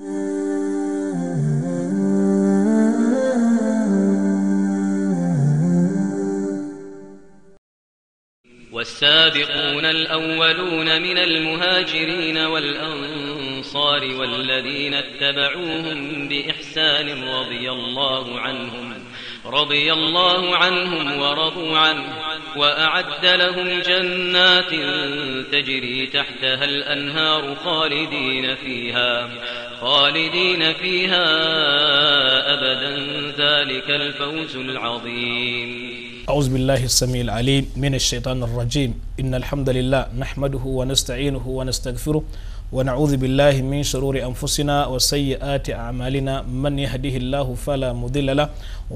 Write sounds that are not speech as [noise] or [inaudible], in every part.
والسابقون الأولون من المهاجرين والأنصار والذين اتبعوهم بإحسان رضي الله عنهم رضي الله عنهم ورضوا عنه وأعد لهم جنات تجري تحتها الأنهار خالدين فيها خالدين فيها أبدا ذلك الفوز العظيم أعوذ بالله السميع العليم من الشيطان الرجيم إن الحمد لله نحمده ونستعينه ونستغفره ونعوذ بالله من شرور أنفسنا وسيئات أعمالنا من يهده الله فلا مضل له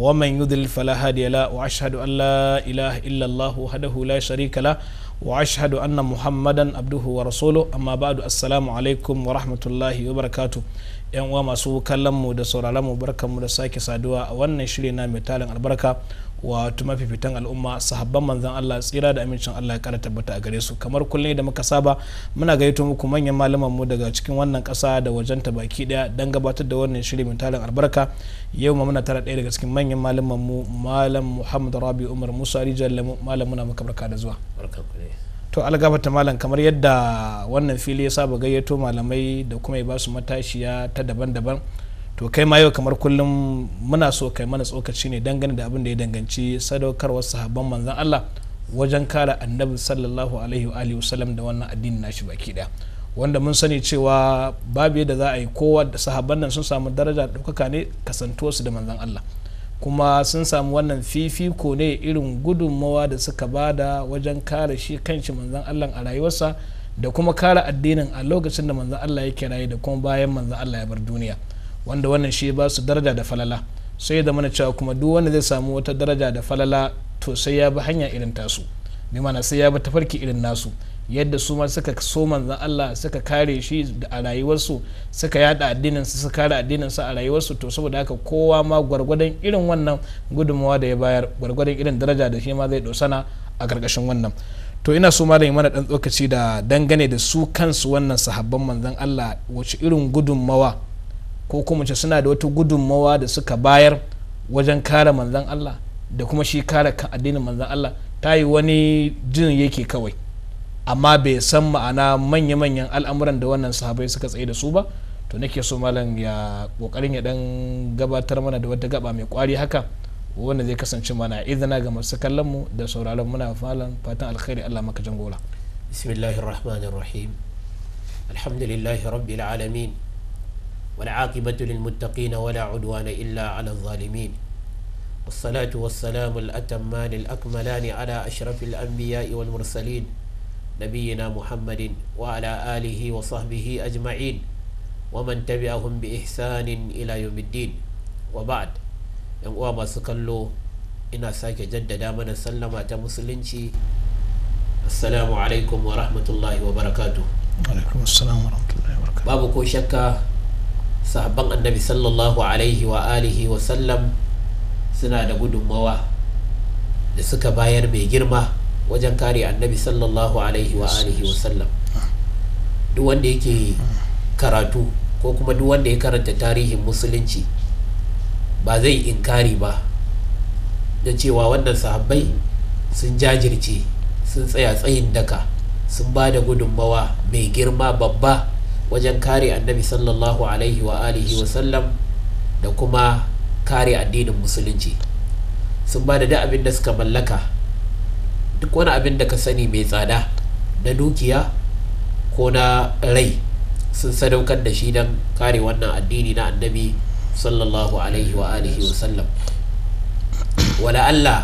ومن يضلل فلا هادي له وأشهد أن لا إله إلا الله وحده لا شريك له واشهد ان محمدا عبده ورسوله اما بعد السلام alaikum wa rahmatullahi wa barakatu yan uwa masu kallon mu da sauraron mu barkan mu da sake saduwa a wannan shiri na mai talin albarka wato mafifitan al'umma sahabban manzan Allah tsira da amincin Allah ya kara tabbata a gare su kamar kullum da muka saba muna gaito muku manyan malaman mu daga cikin wannan kasa da wajen ta baki daya dan gabatar da wannan shiri mai tarin albarka yau ma muna tara daya daga cikin manyan malaman mu malam Muhammad Rabi Umar Musa Rijal malam muna maka barka da zuwa to algabata malam kamar yadda wannan fili ya saba gayyato malamai da kuma ya ba su matashiya ta daban-daban to kai ma yau kamar kullum muna so kai mana tsokaci ne dangane da abin da ya danganci sadaukarwar sahabban manzan Allah wajen kare annabi sallallahu alaihi wa alihi wasallam da wannan addinin nashi baki daya wanda mun sani cewa babu yadda za a yi kowa da sahabban nan sun samu daraja ɗaukaka ne kasantuwar da manzon Allah kuma sun samu wannan fifiko ne irin gudunmawa da suka bada wajen kare shi kanshi manzon Allah a rayuwarsa da kuma kare addinin a lokacin da manzan Allah yake raye da kuma bayan manzon Allah ya bar duniya wanda wannan shi ba su daraja da falala sai da mana cewa kuma duk wanda zai samu wata daraja da falala to sai ya bi hanya irin tasu bi mana sai ya bi tafarki irin nasu yadda su ma suka so manzan Allah suka kare shi a rayuwarsu suka yada addinin su suka kare addinin su a rayuwarsu to saboda haka kowa ma gwargwadon irin wannan gudunmawa da ya bayar gwargwadon irin daraja da shi ma zai dosana a karkashin wannan to ina so malam mana dan tsokaci da dangane da su kansu wannan sahabban manzan Allah wace irin gudunmawa ko kuma ce suna da wata gudunmawa da suka bayar wajen kare manzan Allah da kuma shi kare kan addinin manzan Allah ta yi wani jin yake kawai amma bai san ma'ana manya-manyan al'amuran da wannan sahabai suka tsaye da su ba to nake so malam ya kokarin ya dan gabatar mana da wata gaba mai kwari haka wanda zai kasance mana izina ga masu kallon mu da sauraron muna falan fatan alkhairi Allah maka jangola bismillahir rahmanir rahim alhamdulillahi rabbil alamin والعاقبة للمتقين ولا عدوان إلا على الظالمين والصلاة والسلام الأتمان الأكملان على أشرف الأنبياء والمرسلين نبينا محمد وعلى آله وصحبه أجمعين ومن تبعهم بإحسان إلى يوم الدين وبعد yan uwa masu kallo ina sake jaddada mana sallama ta musulunci assalamu alaikum wa rahmatullahi wa barakatu babu ko shakka sahabban annabi sallallahu alaihi wa alihi wa sallam suna da gudunmawa da suka bayar mai girma wajen kare annabi sallallahu alaihi wa alihi wa sallam duk wanda yake karatu ko kuma duk wanda ya karanta tarihin musulunci ba zai inkari ba da cewa wannan sahabbai sun jajirce sun tsaya tsayin daka sun ba da gudunmawa mai girma babba wajen kare annabi sallallahu alaihi wa alihi wa sallam da kuma kare addinin musulunci sun ba da duk abin da suka mallaka duk wani abin da ka sani mai tsada na dukiya ko na rai sun sadaukar da shi don kare wannan addini na annabi sallallahu alaihi wa alihi wa sallam wala Allah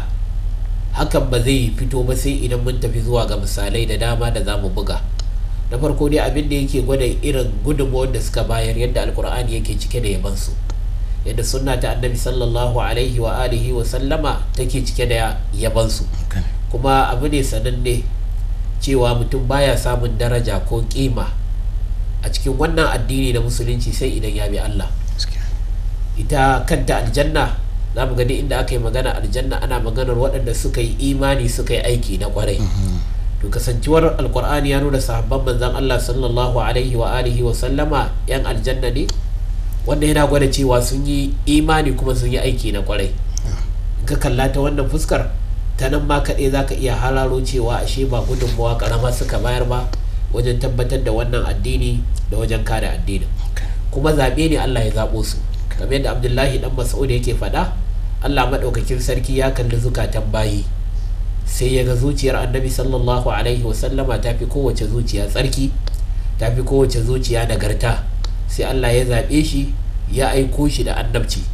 hakan ba zai fito ba sai idan mun tafi zuwa ga misalai da dama da za mu buga na farko dai abin da yake gwada irin gudunmuwar da suka bayar yadda alkur'ani yake cike da yabansu yadda sunna ta annabi sallallahu alaihi wa alihi wa sallama take cike da yabansu kuma abu ne sananne cewa mutum baya samun daraja ko kima a cikin wannan addini da musulunci sai idan ya bi Allah ita kanta aljanna za mu gani inda aka yi magana aljanna ana maganar waɗanda suka yi imani suka yi aiki na kwarai mm-hmm. to kasancewar alkur'ani ya nuna sahabban manzan Allah sallallahu alaihi wa alihi wa sallama yan aljanna ne wanda yana gwada cewa sun yi imani kuma sun yi aiki na kwarai ka kalla ta wannan fuskar ta nan ma kaɗai za ka iya halaro cewa ashe ba gudunmawa karama suka bayar ba wajen tabbatar da wannan addini da wajen kare addinin kuma zaɓe ne Allah ya zaɓo su kamar yadda Abdullahi dan Mas'ud yake faɗa Allah maɗaukakin sarki ya kalli zukatan bayi sai ya ga zuciyar annabi sallallahu alaihi wasallama ta fi kowace zuciya tsarki ta fi kowace zuciya nagarta sai allah ya zaɓe shi ya aiko shi da annabci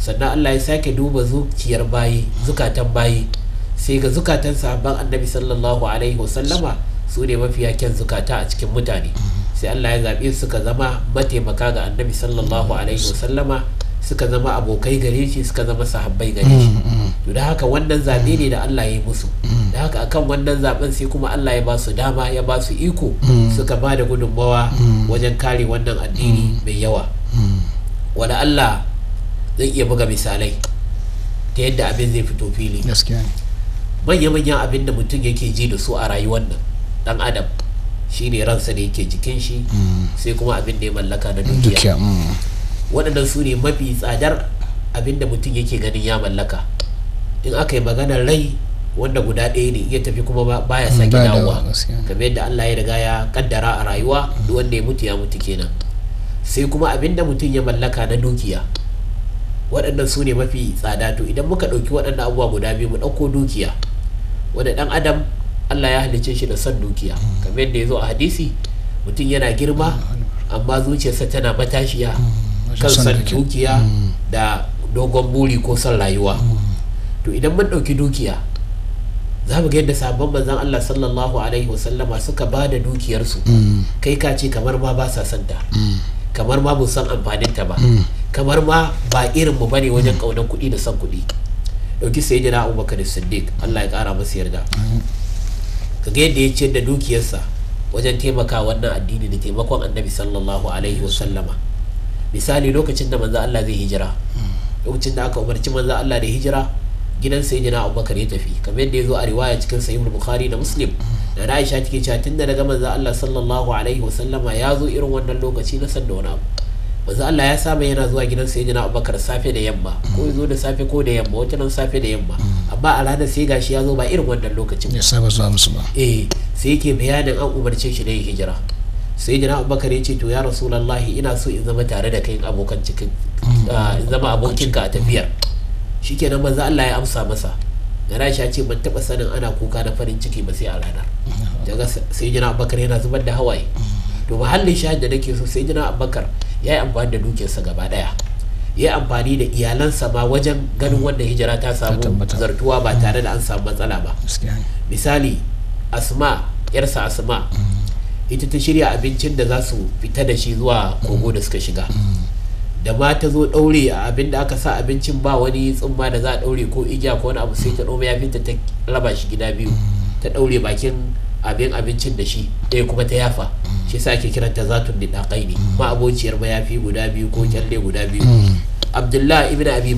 sannan allah ya sake duba zuciyar bayi zukatan bayi sai ga zukatan sahabban annabi sallallahu alaihi wasallama su ne mafiya kyan zukata a cikin mutane sai allah ya zaɓe suka zama mataimaka ga annabi sallallahu alaihi wasallama suka zama abokai gare shi suka zama sahabbai gare shi mm, mm. to da haka wannan zabe ne da Allah ya yi musu mm. da haka akan wannan zaben sai kuma Allah ya ba su dama ya ba su iko suka ba da gudunmawa wajen kare wannan addini mai yawa wani Allah zai iya buga misalai ta yadda abin zai fito fili manya-manyan abin da mutum yake ji da su a rayuwar nan dan adam shine ransa da yake jikin shi sai kuma abin da ya mallaka na dukiya waɗannan su ne mafi tsadar abinda mutum yake ganin ya mallaka in aka yi maganar rai wanda guda ɗaya ne ya tafi kuma baya mm, sake dawowa kamar yadda Allah ya riga ya kaddara a rayuwa mm. duk wanda ya mutu ya mutu kenan sai kuma abin da mutum ya mallaka na dukiya waɗannan su ne mafi tsada to idan muka ɗauki waɗannan abubuwa guda biyu mu ɗauko dukiya wanda ɗan adam Allah ya halicce shi da son dukiya mm. kamar yadda ya zo a hadisi mutum yana girma amma zuciyarsa tana matashiya kan san dukiya hmm. da dogon buri ko son rayuwa hmm. to idan mun ɗauki dukiya za mu ga yadda sabon manzan Allah sallallahu alaihi wasallama suka ba da dukiyarsu hmm. kai ka ce kamar ma ba sa son ta kamar ma mun san amfanin ta ba kamar ma ba irin mu bane wajen kaunar kuɗi da son kuɗi ɗauki sai jira abubakar siddiq Allah ya kara masa yarda ka ga yadda ya ce da dukiyarsa wajen taimaka wannan addini da taimakon annabi sallallahu alaihi wasallama misali lokacin da manzo Allah zai hijira hmm. lokacin da aka umarci manzo Allah da hijira gidan sayyidina Abubakar ya tafi kamar yadda ya zo a riwaya cikin sahih Bukhari da Muslim hmm. da Aisha take cewa tunda daga manzo Allah sallallahu alaihi wasallama ya zo irin wannan lokaci na sanda wani abu manzo Allah ya saba yana zuwa gidan sayyidina Abubakar safe da yamma hmm. ko ya zo da safe ko da yamma wata nan safe da yamma amma a ranar sai gashi ya zo ba irin wannan lokacin ya saba zuwa musu ba eh sai yake bayanin an umarce shi da hijira sai jina abubakar ya ce to ya rasulallahi ina so in zama tare da kai abokan cikin mm. ah, in zama abokinka a tafiyar shi shikenan manzo Allah ya amsa masa da Aisha ce ban taba sanin ana kuka na farin ciki ba sai a ranar mm. daga sai jina abubakar yana zubar da hawaye mm. to muhallin sha da nake so sai jina abubakar ya yi amfani da dukiyarsa gaba daya ya yi amfani da iyalansa ma wajen ganin wanda hijira ta samu zartuwa ba tare da an samu matsala ba misali asma yarsa asma ita ta shirya abincin da za su fita da shi zuwa kogo da suka shiga da ma ta zo ɗaure a abin da aka sa abincin ba wani tsumma da za a ɗaure ko igiya ko wani abu sai ta ɗoma yafinta ta raba shi gida biyu ta ɗaure bakin abin abincin da shi ɗaya kuma ta yafa shi sa ake kiranta zatun da ɗaƙai ne ma abociyar mayafi guda biyu ko kyalle guda biyu abdullah ibn abi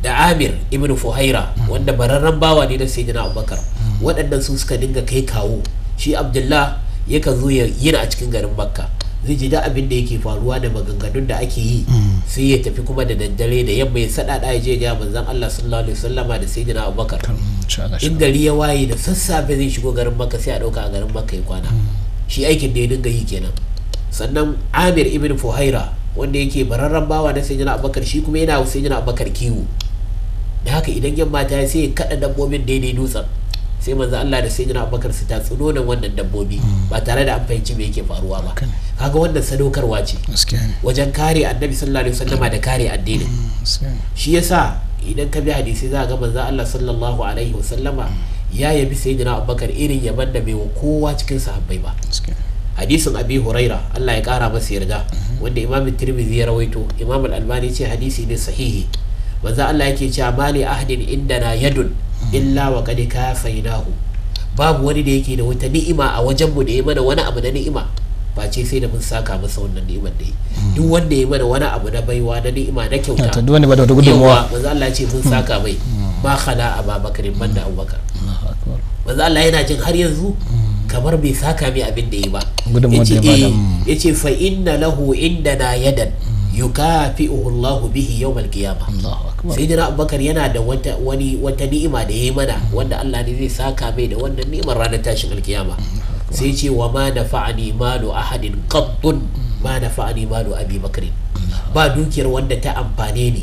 da amir ibn fuhaira wanda bararren bawa ne na sayyidina abubakar waɗannan su suka dinga kai kawo shi abdullah yakan zo ya a cikin garin makka zai ji da abin da yake faruwa da maganganun da ake yi mm. sai ya tafi kuma da daddare da yamma ya sada da je ga manzon Allah sallallahu alaihi wasallama da sayyidina Abubakar in gari ya waye da sassafe zai shigo garin Makka sai a ɗauka a garin Makka ya kwana mm. shi aikin da ya dinga yi kenan sannan Amir ibn Fuhaira wanda yake bararren bawa na sayyidina Abubakar shi kuma yana sayyidina Abubakar kiwo da haka idan yamma ta sai ya kaɗa dabbobin daidai dutsen sai manzo Allah da sayyidina Abubakar su ta nonon wannan dabbobi hmm. ba tare da an fahimci me yake faruwa ba kaga wannan sadaukarwa ce wajen kare annabi sallallahu alaihi wasallama da kare addinin hmm, shi yasa idan ka bi hadisi za ga manzo Allah sallallahu alaihi wasallama hmm. ya yabi sayyidina Abubakar irin yaban da bai wa kowa cikin sahabbai ba hadisin abi huraira Allah ya kara masa yarda wanda imam tirmidhi ya rawaito imam al-albani ce hadisi ne sahihi manzo Allah yake cewa mali ahdin indana yadun illa wa qad kafainahu babu wani da yake da wata ni'ima a wajen mu da ya mana wani abu na ni'ima ce sai da mun saka masa wannan ni'imar da yi hmm. duk wanda ya mana wani abu na baiwa na ni'ima na kyauta duk wanda ba da gudunmuwa manzo Allah ce mun hmm. saka mai ba hmm. khala ababakar man da abubakar manzo Allah yana jin har yanzu kamar bai saka mai abin da yi ba da yace eh, fa inna lahu indana yadan Yukafi Allah bihi yawmal sai sayyidina Abubakar yana da wata wani wata ni'ima da yayi mana mm-hmm. wanda Allah ne zai saka mai da wannan ni'imar ranar tashin alkiyama mm-hmm. sai ce wa ma nafa'ani malu ahadin qabdun mm-hmm. ma nafa'ani malu abi bakr ba dukiyar wanda ta amfane ni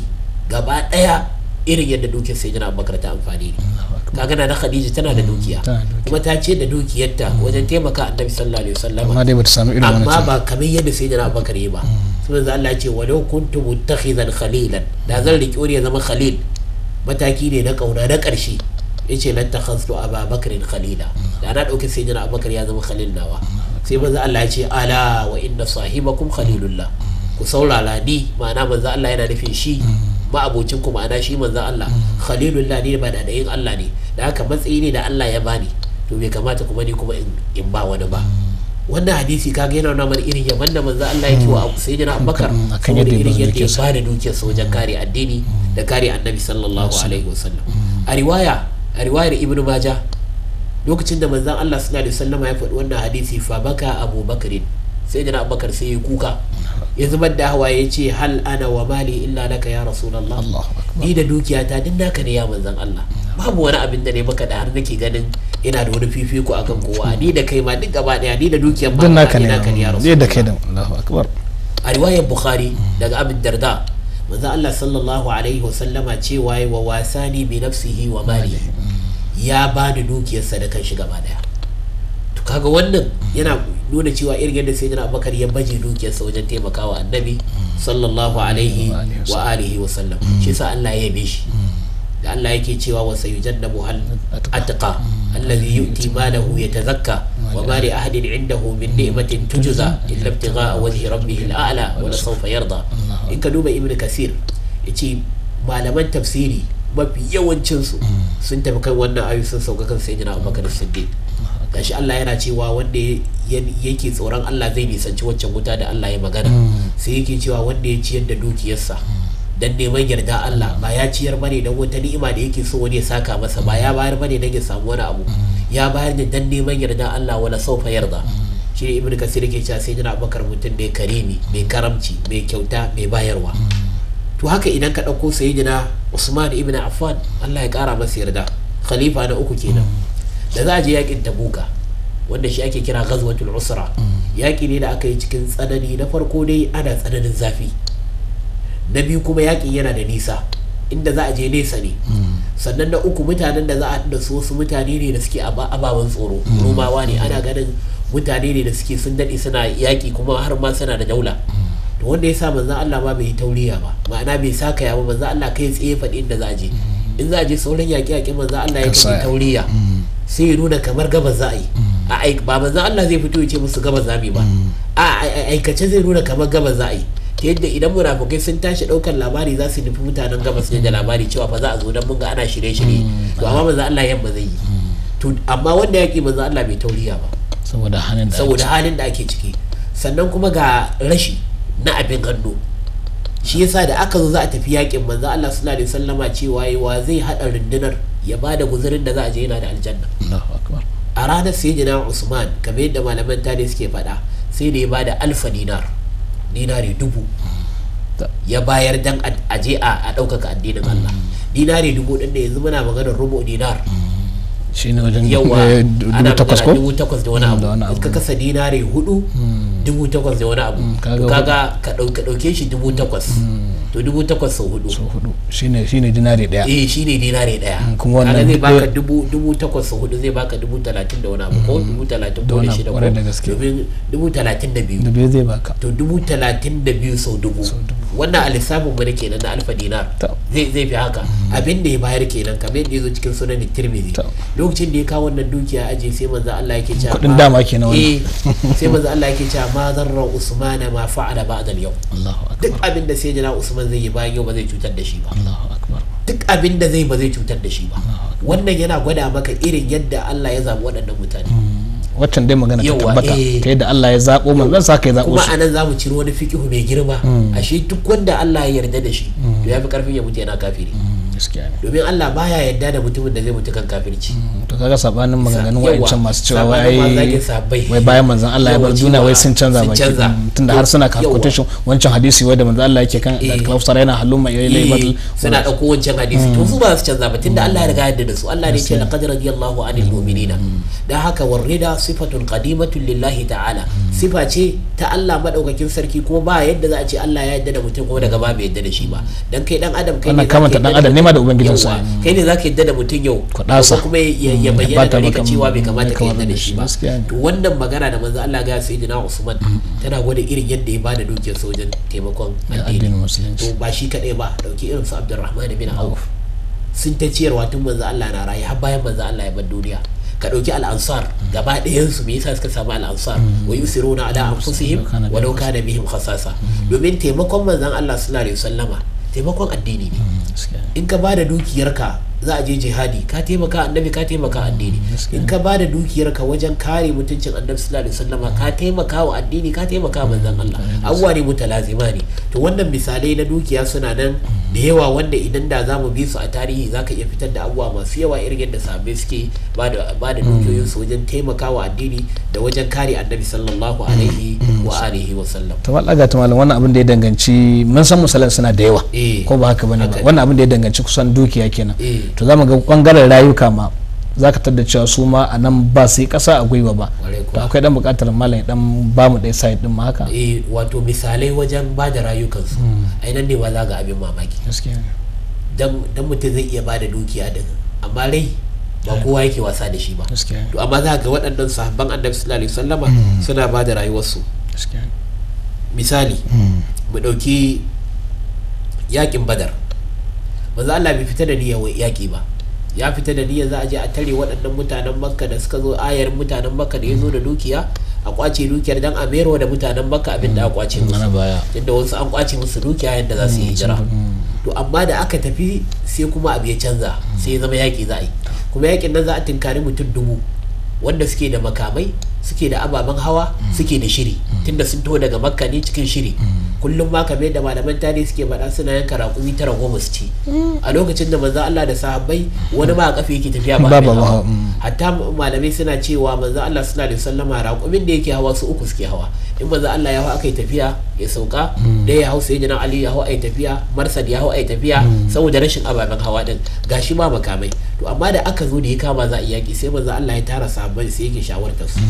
gaba daya irin yadda dukiyar sayyidina Abubakar ta amfane ni kaga na Khadija tana da dukiya kuma ta ce da dukiyarta wajen taimaka annabi sallallahu alaihi wasallam amma ba kamar yadda sayyidina Abubakar yi ba manzo Allah ce walau kuntu muttakhidan khalilan da zan riki wani ya zama khalil mataki ne na kauna na karshe yace lan takhaztu aba bakrin khalila da na ɗauki sai jira abakar ya zama khalil nawa sai manzo Allah ya ce ala wa inna sahibakum khalilullah ku saurara ni ma'ana manzo Allah yana nufin shi ma'abocin ku ma'ana shi manzan Allah khalilullah ne ba da yin Allah ne da haka matsayi ne da Allah ya bani to bai kamata kuma ni kuma in ba wani ba wannan hadisi kaga yana nuna mana irin yaban da manzo Allah yake wa hmm. Abu Sayyidina Abubakar kan yadda irin yadda ya bada dukiyar sa wajen hmm. kare addini hmm. da kare Annabi sallallahu alaihi wasallam a riwaya a riwayar Ibn Majah lokacin da manzan Allah sallallahu alaihi wasallam ya faɗi wannan hadisi fa baka Abu Bakr Sayyidina Abubakar sai ya kuka ya zubar da hawaye ya ce hal ana wa mali illa laka ya rasulullah ni da dukiyata duk naka ne ya manzon Allah babu wani abin da ne maka da har nake ganin ina da wani fifiko akan kowa ni da kai ma duk gaba daya ni da dukiyar ma ina kan yaro ne da kai da Allahu akbar a riwayar bukhari daga abin darda manzo Allah sallallahu alaihi wasallama cewa wa wasani bi nafsihi wa mali mm. ya bani dukiyarsa da kan shi gaba daya to kaga wannan yana nuna cewa irin yadda sai jira abubakar ya baje sa wajen taimakawa annabi mm. sallallahu alaihi wa alihi wasallam sallam shi sa Allah ya yabe shi mm. da Allah yake cewa wa sayujannabu hal atqa mm, allazi yu'ti malahu yatazakka wa ma li ahadin indahu min ni'matin tujza mm, illa ibtigha wajhi rabbih al'ala wa la sawfa yarda in ka duba ibnu kasir yace malaman tafsiri mafi yawancinsu mm. sun tafi kan wannan ayu sun sauka kan sayyidina abubakar siddiq gashi Allah yana cewa wanda yake tsoron Allah zai nisanci waccan wuta da Allah ya magana sai yake cewa wanda ya ciyar da dukiyarsa dan neman yarda Allah ba ya ciyar bane dan wata ni'ima da yake so wani ya saka masa ba ya bayar bane dan ya samu wani abu mm-hmm. ya bayar ne dan neman yarda Allah wala saufa yarda mm-hmm. shi ne ibnu kasir yake cewa sai abakar mutum mai karimi mai karamci mai kyauta mai bayarwa mm-hmm. to haka idan ka dauko sayyidina usman ibn affan Allah ya kara masa yarda khalifa na uku kenan da za a je yakin tabuka wanda shi ake kira ghazwatul usra yaki ne da aka yi cikin tsanani na farko dai ana tsananin zafi na biyu kuma yaƙi yana da nisa inda za a je nesa ne sannan na uku mutanen da za a da su wasu mutane ne da suke ababen tsoro mm. romawa ne ana ganin mutane ne da suke sun daɗe suna yaƙi kuma har ma suna da daula mm. to wanda ya sa manzan Allah ma bai yi tauriya ba ma'ana bai saka ya ba manzan Allah kai tsaye faɗi inda za a je mm. in za a je sauran yaƙi yaƙi manzan Allah ya kai tauriya sai ya nuna kamar gabas za a yi ba manzan Allah zai fito ya ce musu gabas za mu yi ba a aikace zai nuna kamar gabas za a yi ta yadda idan munafukai sun tashi daukar labari za su nufi mutanen gabas ne da labari cewa fa za a zo don mun ga ana shirye-shirye mm. to amma manzo Allah yamma zai yi mm. to amma wanda ba manzo Allah bai tauriya ba saboda halin da saboda halin ake ciki sannan kuma ga rashi na abin hannu shi yasa da aka zo za a tafi yakin manzo Allah sallallahu alaihi wasallama cewa wa zai hada rundunar ya bada guzurin da za a je yana da aljanna Allahu akbar a ranar sayyidina Usman kamar yadda malaman tarihi suke faɗa sai da ya bada alfa dinar dinari dubu ya bayar dan aje a ɗaukaka addinin Allah mm. dinari dubu ɗin da yanzu muna maganar rubu dinar mm. shine wajen yawa dubu eh, takwas ko dubu takwas da wani mm, abu ka kasa dinari hudu dubu takwas da wani abu kaga ka ɗauke shi dubu takwas to dubu takwas sau hudu sau hudu shine shine dinari daya eh shine dinari daya mm, kuma wannan zai baka dubu dubu takwas sau hudu zai baka dubu talatin da wani abu ko mm, dubu talatin ko da shida ko domin dubu talatin da biyu da biyu zai baka to dubu talatin da biyu sau dubu wannan alisabin mana kenan na alfa dinar zai fi haka mm. abin da ya bayar kenan kamar yadda ya zo cikin sunan tirmidhi lokacin da ya kawo wannan dukiya aji sai manzo Allah yake cewa kudin dama kenan wannan eh, sai manzo Allah yake cewa ma zarra usmana ma ba ba'da yau duk abin da sai jira usman zai yi bayan yau ba zai cutar da shi ba duk abin da zai ba zai cutar da shi ba wannan yana gwada maka irin yadda Allah ya zabi waɗannan mutane waccan dai magana ta tabbata eh. ta yadda Allah ya zaɓo zan sa ka ya zaɓo shi kuma anan zamu ciro wani fiqhu mai girma hmm. ashe duk wanda Allah ya yarda da shi to hmm. yafi karfin ya mutu yana kafiri hmm. domin Allah baya yadda da mutumin da zai mutu kan kafirci mm, to kaga sabanin maganganun wayancan masu cewa wai wai bayan manzon Allah ya bar duniya wai sun canza baki mm, tunda har suna quotation wancan hadisi wai da manzon Allah yake kan eh. al-kawsar yana halumma ilai eh, badal suna dauko wancan hadisi mm. to su ba su canza ba tunda Allah ya riga yadda da su Allah ne ce laqad radiyallahu anil mu'minina da haka warida sifatun qadimatun lillahi ta'ala sifa ce ta Allah maɗaukakin sarki ko ba yadda za a ce Allah ya yadda da mutum ko daga ba bai yadda da shi ba dan kai dan adam kai ne kamanta dan adam da kai ne zaka yadda da mutum yau ko kuma ya mm. bayyana da ka cewa bai kamata ka yadda da shi ba to wannan magana da manzo Allah ga sayyidina Usman mm. tana gwada irin yadda ya bada dukiyar sojan taimakon addinin to ba shi kadai ba dauki irin su abdulrahman bin Auf sun ta ciyarwa tun manzo Allah na rayu har bayan manzo Allah ya bar duniya ka ɗauki al'ansar gaba ɗayansu me yasa suka samu al'ansar mm. wa yi na ala mm. anfusihim wa dauka da bihim khasasa mm. domin taimakon manzon Allah sallallahu alaihi wasallama taimakon addini ne in ka bada dukiyarka za a je jihadi ka taimaka annabi ka taimaka addini in ka bada dukiyarka wajen kare mutuncin annabi sallallahu alaihi wasallama ka taimaka wa addini ka taimaka manzon Allah abuwa ne mutalazima ne to wannan misalai na dukiya suna nan da yawa wanda idan da za mu bi su a tarihi za ka iya fitar da abubuwa masu yawa irin yadda sahabbai suke ba da mm. su wajen taimakawa addini da wajen kare annabi sallallahu mm. alaihi wa mm. alihi wa sallam to malaga ta malam wannan abin da ya danganci mun san musallan suna da yawa eh, ko ba haka bane ba wannan abin da ya danganci kusan dukiya kenan eh. to zamu ga bangaren rayuka ma za ka tattar cewa su ma a nan ba sai kasa a gwiwa ba to akwai dan bukatar malai dan ba mu dai side din ma haka eh wato misalai wajen ba da rayukansu hmm. a nan ne ba za ga abin mamaki dan mutum zai iya ba da dukiya din amma rai ba kowa yake wasa da shi ba to amma za ga waɗannan sahabban annabi sallallahu alaihi wasallama hmm. suna ba da rayuwarsu misali hmm. mu ɗauki yakin badar manzo Allah bai fita da niyyar yaƙi ba ya fita da niyyar za a je a tare waɗannan mutanen makka da suka zo ayar mutanen makka da ya zo da dukiya a kwace dukiyar dan a mero da mutanen makka abin da a mm, kwace mm, musu inda wasu an kwace musu dukiya yadda za su yi mm, jira to amma da aka tafi sai kuma abu ya canza sai ya zama yaƙi za a yi kuma yaƙin nan za a tinkari mutum dubu wanda suke da makamai suke da ababen hawa suke da shiri tunda sun taho daga makka ne cikin shiri kullum ba ka da malaman tarihi suke faɗa suna yanka karaku tara goma su ce a lokacin da manzo Allah da sahabbai wani ba a kafe yake tafiya ba hawa mm. hatta malamai suna cewa manzo Allah suna da sallama raƙumin da yake hawa su uku suke hawa in manzo Allah ya hawa aka yi tafiya ya sauka da mm. ya hau sai jinan Ali ya hau yi tafiya Marsad ya hau yi tafiya mm. saboda rashin ababen hawa din gashi ma makamai to amma da aka zo da ya kama za a yaki sai manzo Allah ya tara sahabbai sai yake shawartar su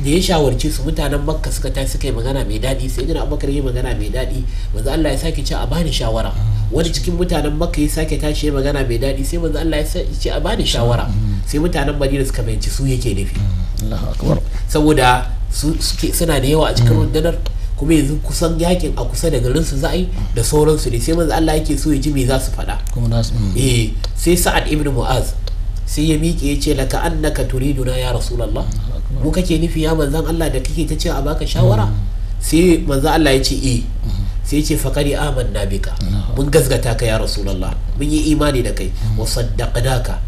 da ya shawarci su mutanen makka suka tashi suka yi magana mai daɗi sai jina abubakar yi magana mai daɗi manzo Allah ya sake ce a bani shawara wani cikin mutanen makka ya sake tashi ya magana mai daɗi sai manzo Allah ya sake ce a bani shawara sai mutanen madina suka fahimci su yake nufi saboda suna da yawa a cikin rundunar kuma yanzu kusan yakin a kusa da garin su za'i da sauransu ne sai manzo Allah yake so ya ji me za su faɗa eh sai Sa'ad ibn Mu'az sai ya miƙe ya ce laka annaka turiduna ya rasulullah mu kake nufi ya manzan Allah da kake ta ce a baka shawara sai manzan Allah ya ce eh sai ce faƙari amanna bika mun gazgata ka ya rasulullah mun yi imani da kai wa saddaqnaka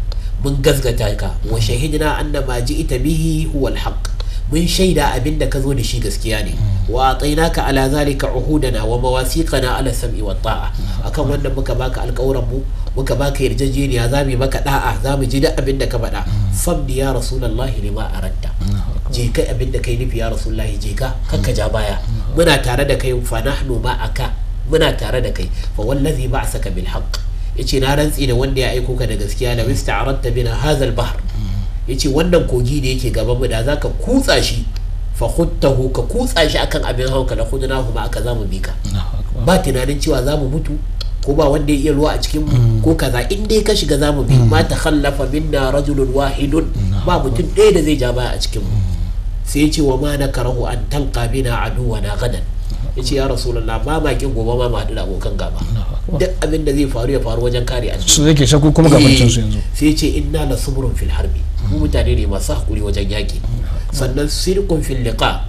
mun gazgata ka wa shahidna anna ma ji'ta bihi huwa alhaq mun shaida abin da ka zo da shi gaskiya ne hmm. wa atainaka ala zalika uhudana wa mawasiqana ala sam'i wa ta'a hmm. akan wannan muka baka alƙawuran mu muka baka yarjejeniya za mu maka da'a za mu ji duk abin da ka faɗa hmm. famdi ya rasulullahi lima aratta je kai abin da kai nufi ya rasulullahi je ka kakka ja baya muna tare da kai fa nahnu ka muna tare da kai fa wallazi a bil haqq yace na rantsi da wanda ya aiko ka da gaskiya la wista'aratta bina hadha al bahr ya ce wannan kogi da yake gaban mu da za ka kutsa shi fa huttahu ka kutsa shi akan abin hauka da huduna kuma aka za mu bi ka ba tunanin cewa za mu mutu ko ba wanda ya iya ruwa a cikin mm. ko kaza in dai ka shiga za mu bi mm. ma ta khallafa minna rajulun wahidun ba mutum ɗaya da zai ja baya a cikin mm. sai ya ce wa ma na karahu an tanka bina aduwa na gadan ya ce ya rasulullah ba ma kin gobe ma ma da abokan gaba duk abin da zai faru ya faru wajen kare a cikin su yake shakku kuma gabancin eh, su yanzu sai ya ce inna la subrun fil harbi mu mutane ne masu hakuri wajen yaki sannan sirkun fil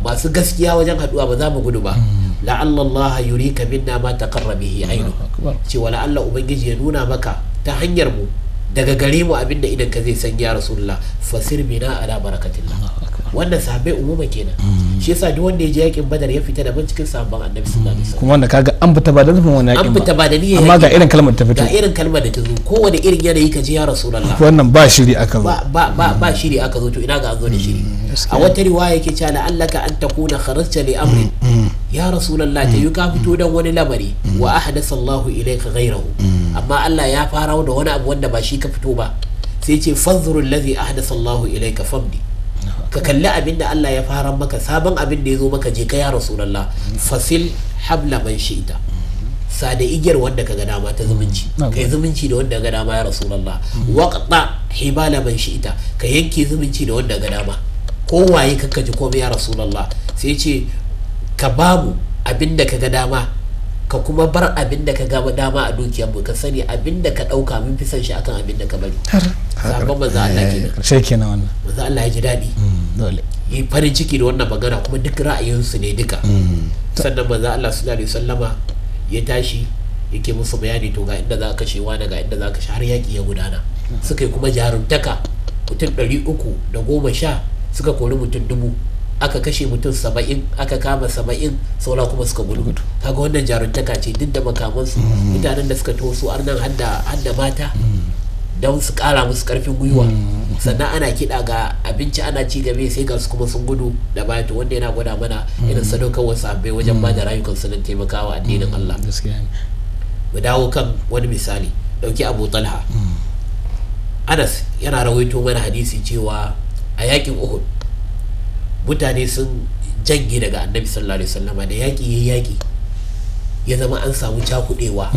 masu gaskiya wajen haduwa ba za mu gudu ba mm. la'alla Allah yurika minna ma taqarra bihi ainu cewa la'alla ubangiji ya nuna maka ta hanyar mu daga gare mu abinda idan ka zai san ya rasulullah fasir bina ala barakatillah wannan sahabbai umuma kenan mm. shi yasa duk wanda ya je yakin badar ya fita daban cikin sahabban annabi sallallahu alaihi wasallam kuma wanda kaga an fita ba da zuwa wannan yakin an fita ba da niyyar amma ga irin kalmar ta fito ga irin kalmar da ta zo wanda irin yanayi ka je ya rasulullah wannan ba shiri aka zo ba ba ba mm. shiri aka zo to ina ga an zo da shiri mm, a wata riwaya yake cewa la'allaka an takuna kharajta li amri. ya rasulullahi ta yi ka fito dan wani lamari wa ahdasa Allahu ilayka ghayrahu amma Allah ya fara da wani abu wanda ba shi ka fito ba sai ce fanzuru allazi ahdasa Allahu ilayka fabdi ka kalli abin da Allah ya fara maka sabon abin da ya zo maka je ka ya rasulullah fasil habla man sha'ita sada igiyar wanda ka ga dama ta zumunci kai zumunci da wanda ga dama ya rasulullah waqta hibala man sha'ita ka yanke zumunci da wanda ga dama kowaye kakka ji komai ya rasulullah sai ce ka bamu abin da ka ga dama ka kuma bar abin da ka gaba dama a dukiyar mu ka sani abin da ka dauka mun fi son shi akan abin da ka bari sabon manzo Allah kenan sai wannan manzo Allah ya ji dadi mm. yi farin ciki da wannan magana kuma duk ra'ayinsu ne duka mm. sannan manzo Allah sallallahu alaihi wasallama ya tashi yake musu bayani to ga inda za ka shewa ga inda za ka kashe har yaki ya gudana suka yi kuma jarumtaka mutum ɗari uku da goma sha suka kori mutum dubu aka kashe mutum saba'in aka kama saba'in saura kuma suka gudu kaga wannan jaruntaka ce duk da makamansu mm. mutanen da suka toso su arnan hadda mata mm. don su kara musu karfin gwiwa mm, mm, mm. sannan ana kiɗa ga abinci ana ci game sai ga su kuma sun gudu da baya to wanda yana gwada mana irin sadaukar wasu abai wajen ba da rayukan su nan taimakawa addinin Allah mu dawo kan wani misali dauki Abu Talha Anas yana rawaito mana hadisi cewa a yakin Uhud mutane sun jange daga annabi sallallahu alaihi wasallam da yaki yayi yaki ya zama an samu cakudewa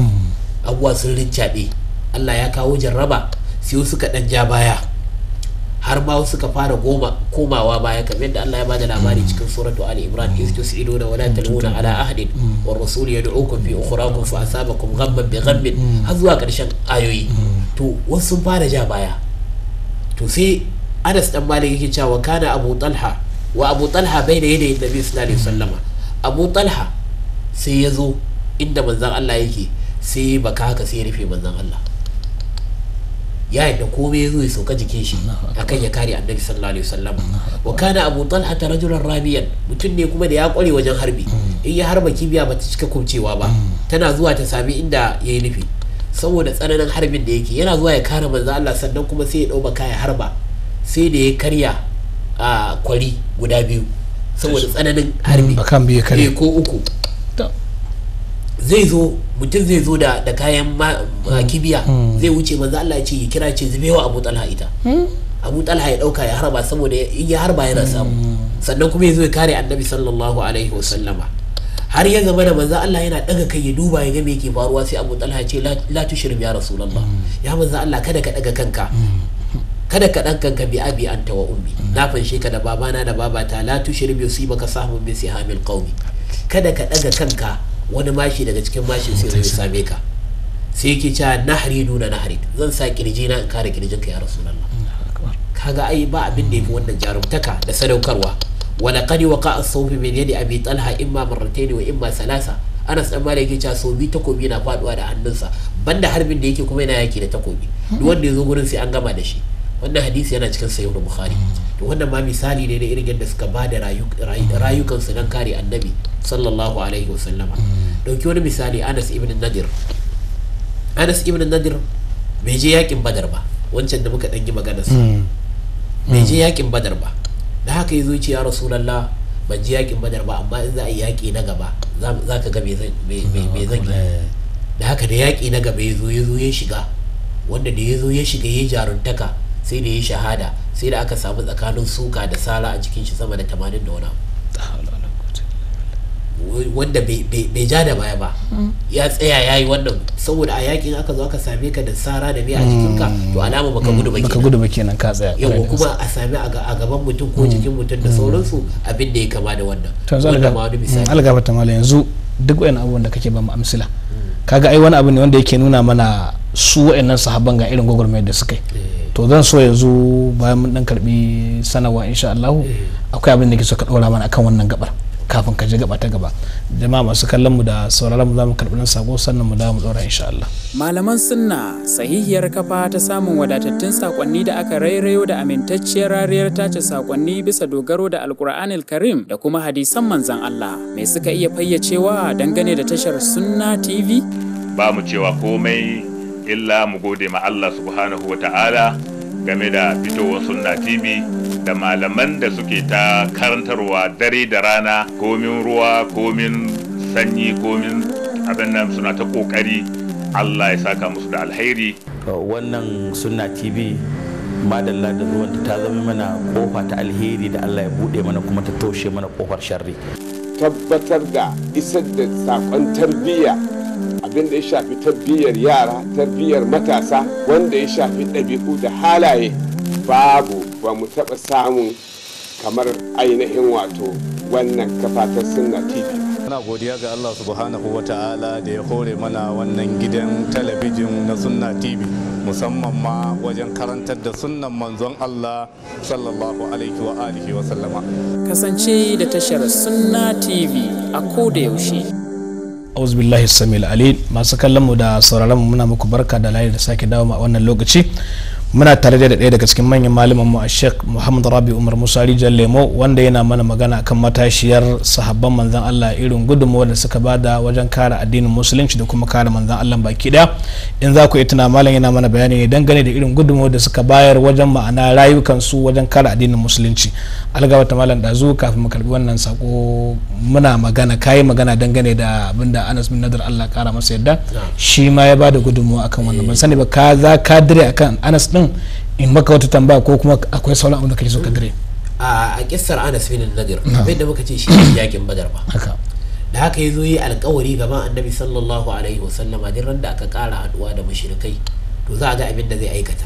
abuwa sun rincaɗe Allah ya kawo jarraba sai suka ɗan ja baya har ma wasu suka fara goma komawa baya kamar yadda Allah ya bada labari cikin suratu Ali Imran ido da wala talmuna ala ahdin wa rasul yad'ukum fi ukhrakum fa asabakum ghamman bi ghammin har zuwa karshen ayoyi to wasu fara ja baya to sai Anas dan Malik yake cewa kana Abu Talha wa Abu Talha bayna yadayin Nabi sallallahu alaihi wasallama Abu Talha sai ya zo inda manzan Allah yake sai baka haka sai ya rufe manzan Allah ya yadda komai ya sauka jikin shi kan ya kare annabi sallallahu alaihi wasallam wa kana abu talha ta rajulan rabiyan mutum ne kuma da ya kware wajen harbi in ya harba kibiya bata cika kumcewa ba tana zuwa ta sami inda ya yi nufi saboda tsananin harbin da yake yana zuwa ya kare manzo Allah sannan kuma sai ya dauba kaya harba sai da ya karya a ah, kwari guda biyu saboda tsananin harbi eh, ko uku zai zo mutum zai zo da kayan hmm. kibiya hmm. zai wuce manzo Allah ya ce ya kira ce zubewa Abu Talha ita hmm. Abu Talha ya dauka ya harba saboda in ya harba yana samu sannan kuma ya zo ya kare Annabi sallallahu alaihi wasallama har ya zama da manzo Allah yana daga kai ya duba ya ga me yake faruwa sai Abu Talha ya ce la tushrim ya rasulullah ya manzo Allah kada ka daga kanka kada ka daga kanka bi abi anta wa ummi na fanshe ka da babana da babata la tushrim yusibaka sahmun bi sihamil qaumi kada ka daga kanka wani mashi daga cikin mashin sai zai same ka sai yake cewa nahari nuna nahari zan sa kirji na in kare kirjin ka ya rasulullah kaga ai ba abin da yafi wannan jarumtaka da sadaukarwa wala qad waqa as-sawfi min yadi abi talha imma marratayn wa imma salasa anas dan malik yake cewa sau biyu takobi na faduwa da hannunsa banda harbin da yake kuma yana yaki da takobi duk wanda ya gurin sai an gama da shi wannan hadisi yana cikin sayyid bukhari to wannan ma misali ne na irin yadda suka ba da mm. rayukansu don kare annabi sallallahu alaihi wasallama dauki mm. wani misali anas ibn nadir anas ibn nadir bai je yakin badar ba wancan da muka dan yi maganar sa mm. bai je yakin badar ba da haka yazo ce ya rasulullah ban je yakin badar ba amma in za a yi yaki na gaba za ka ga me zan eh. da haka da yaki na gaba yazo yazo ya shiga wanda da yazo ya shiga ya jaruntaka sai da ya shahada sai da aka samu tsakanin suka da sala a jikin shi sama da tamanin da wani abu wanda bai ja da baya ba mm. ya tsaya ya yi wannan saboda a yakin aka zo aka same ka da sara da biya a jikinka mm. to alama baka mm. gudu baka gudu ba kenan ka tsaya yawa kuma a same a gaban mutum ko jikin mutum da sauransu abin da ya kama da wannan wanda ma wani mala yanzu duk wani abubuwan da kake ba mu amsila kaga ai wani abu ne wanda yake nuna mana su wayannan sahabban ga irin gwagwarmayar da suka yi eh. to zan so yanzu bayan mun dan karbi sanawa insha Allah eh. akwai abin da ke so ka dora mana akan wannan gabar kafin ka je gaba ta gaba jama'a masu kallon mu da sauraron mu za mu karbi nan sako sannan mu da mu dora insha Allah malaman sunna sahihiyar kafa ta samun wadatattun sakonni da aka rairayo da amintacciyar rariyar tace sakonni bisa dogaro da alkur'anil karim da kuma hadisan manzon Allah me suka iya fayyacewa dangane da tashar sunna tv ba mu cewa komai illa mu gode ma Allah subhanahu wa ta'ala game da fitowar sunna tv da malaman da suke ta karantarwa dare da rana komin ruwa komin sanyi komin abin nan suna ta kokari Allah ya saka musu da alheri wannan sunna tv madalla da ruwanta ta zama mana kofa ta alheri da Allah ya bude mana kuma ta toshe mana kofar sharri tabbatar da isar da sakon tarbiyya abin da ya shafi tarbiyyar yara tarbiyyar matasa wanda ya shafi ɗabi'u da halaye babu ba mu taɓa samun kamar ainihin wato wannan kafatar sunna tv Ana godiya ga Allah subhanahu wa ta'ala da ya hore mana wannan gidan talabijin na sunna TV musamman ma wajen karantar da sunnan manzon Allah sallallahu alaihi wa alihi wa sallama kasance da tashar sunna TV a da yaushe auzubillahi samil ali masu kallon mu da sauraron mu muna muku barka da layi da sake dawo a wannan lokaci muna tare da ɗaya daga cikin manyan malaman mu a sheikh muhammad rabi umar musa rijal lemo wanda yana mana magana kan matashiyar sahabban manzan allah irin gudunmawar da suka bada wajen kare addinin musulunci da kuma kare manzan allah baki daya in za ku yi tuna malam yana mana bayani ne dangane da irin gudunmawar da suka bayar wajen ma'ana rayukansu wajen kare addinin musulunci algaba ta malam dazu kafin mu karbi wannan sako muna magana kayi magana dangane da abinda anas bin nadar allah kara masa yadda shi ma ya bada gudunmawa akan wannan ban sani ba ka za ka dire akan anas din din in maka wata tambaya ko kuma akwai sauran abin da kake so ka dare a a kissar Anas bin Nadir abin da muka ce shi yakin Badar ba haka da haka yazo yi alkawari gaban Annabi sallallahu alaihi wasallama din ran da aka kara haduwa da mushrikai to za a ga abin da zai aikata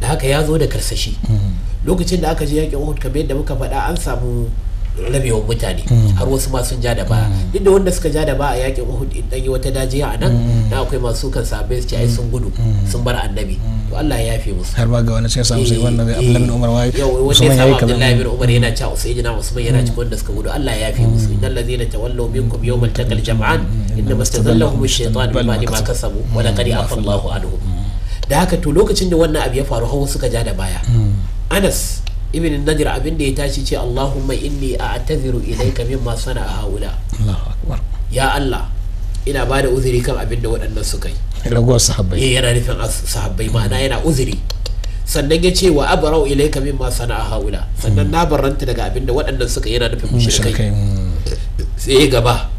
da haka ya zo da karsashi mm. lokacin da aka je yakin Uhud kamar yadda muka faɗa an samu rabewan mutane mm. har wasu ma sun ja da ba mm. duk da wanda suka ja da ba a yakin uhud in yi wata dajiya a nan mm. na akwai masu kan sabai su ce ai sun gudu sun bar annabi to Allah ya yafe musu har ba ga wani sai samu sai wanda bai eh. Abdullahi bin Umar wai wanda ya samu Abdullahi bin Umar yana cewa Usayyidina Usman yana cikin wanda suka gudu Allah ya yafe musu innal ladzina tawallaw minkum yawmal taqal jam'an inna mastazallahum ash-shaytan bima ma kasabu wa laqad afa Allahu anhum da haka to lokacin da wannan abu ya faru hawa suka ja da baya Anas ibn najir abin da ya tashi ce allahumma inni a'tadhiru ma sana a haula ya allah ina ba da uzuri kan abin da waɗannan suka yi ragowar sahabbai eh yana nufin sahabbai ma'ana yana uzuri sannan ya ce wa abarau ma sana a haula sannan na baranta daga abin da waɗannan suka yana nufin mm, mushrikai mm. sai gaba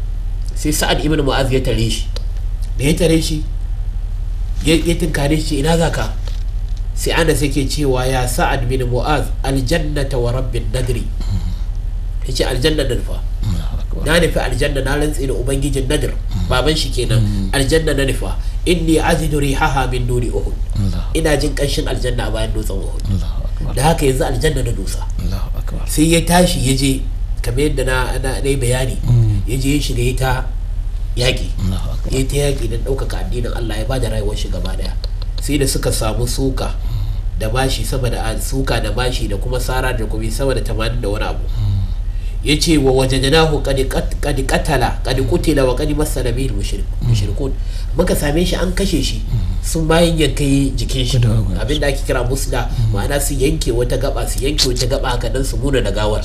sai sa'ad ibn mu'az ya tare shi da ya tare shi ya tinkare shi ina zaka sai anas yake cewa ya sa'ad bin mu'az aljannata wa rabbin nadri ce aljanna nan fa na nufi aljanna na rantsi da ubangijin nadir baban shi kenan aljanna na nufa inni azidu rihaha min nuri uhud ina jin kanshin aljanna a bayan dutsen uhud da haka yanzu aljanna na dusa sai ya tashi ya je kamar yadda na na bayani mm. ya je ya shiga ta yaƙi ya ta yaƙi don ɗaukaka addinin Allah ya ba da rayuwar shi gaba daya sai da suka samu suka da bashi saboda a suka da bashi da kuma sara da kuma saboda tamanin da wani abu hmm. ya ce wa wajen ku kadi katala kadi kutila wa kadi da mil mushrikun muka same shi an kashe shi sun bayan yi jikin shi abin da ake kira musla hmm. ma'ana su yanke wata gaba su yanke wata gaba ka dan su muna da gawar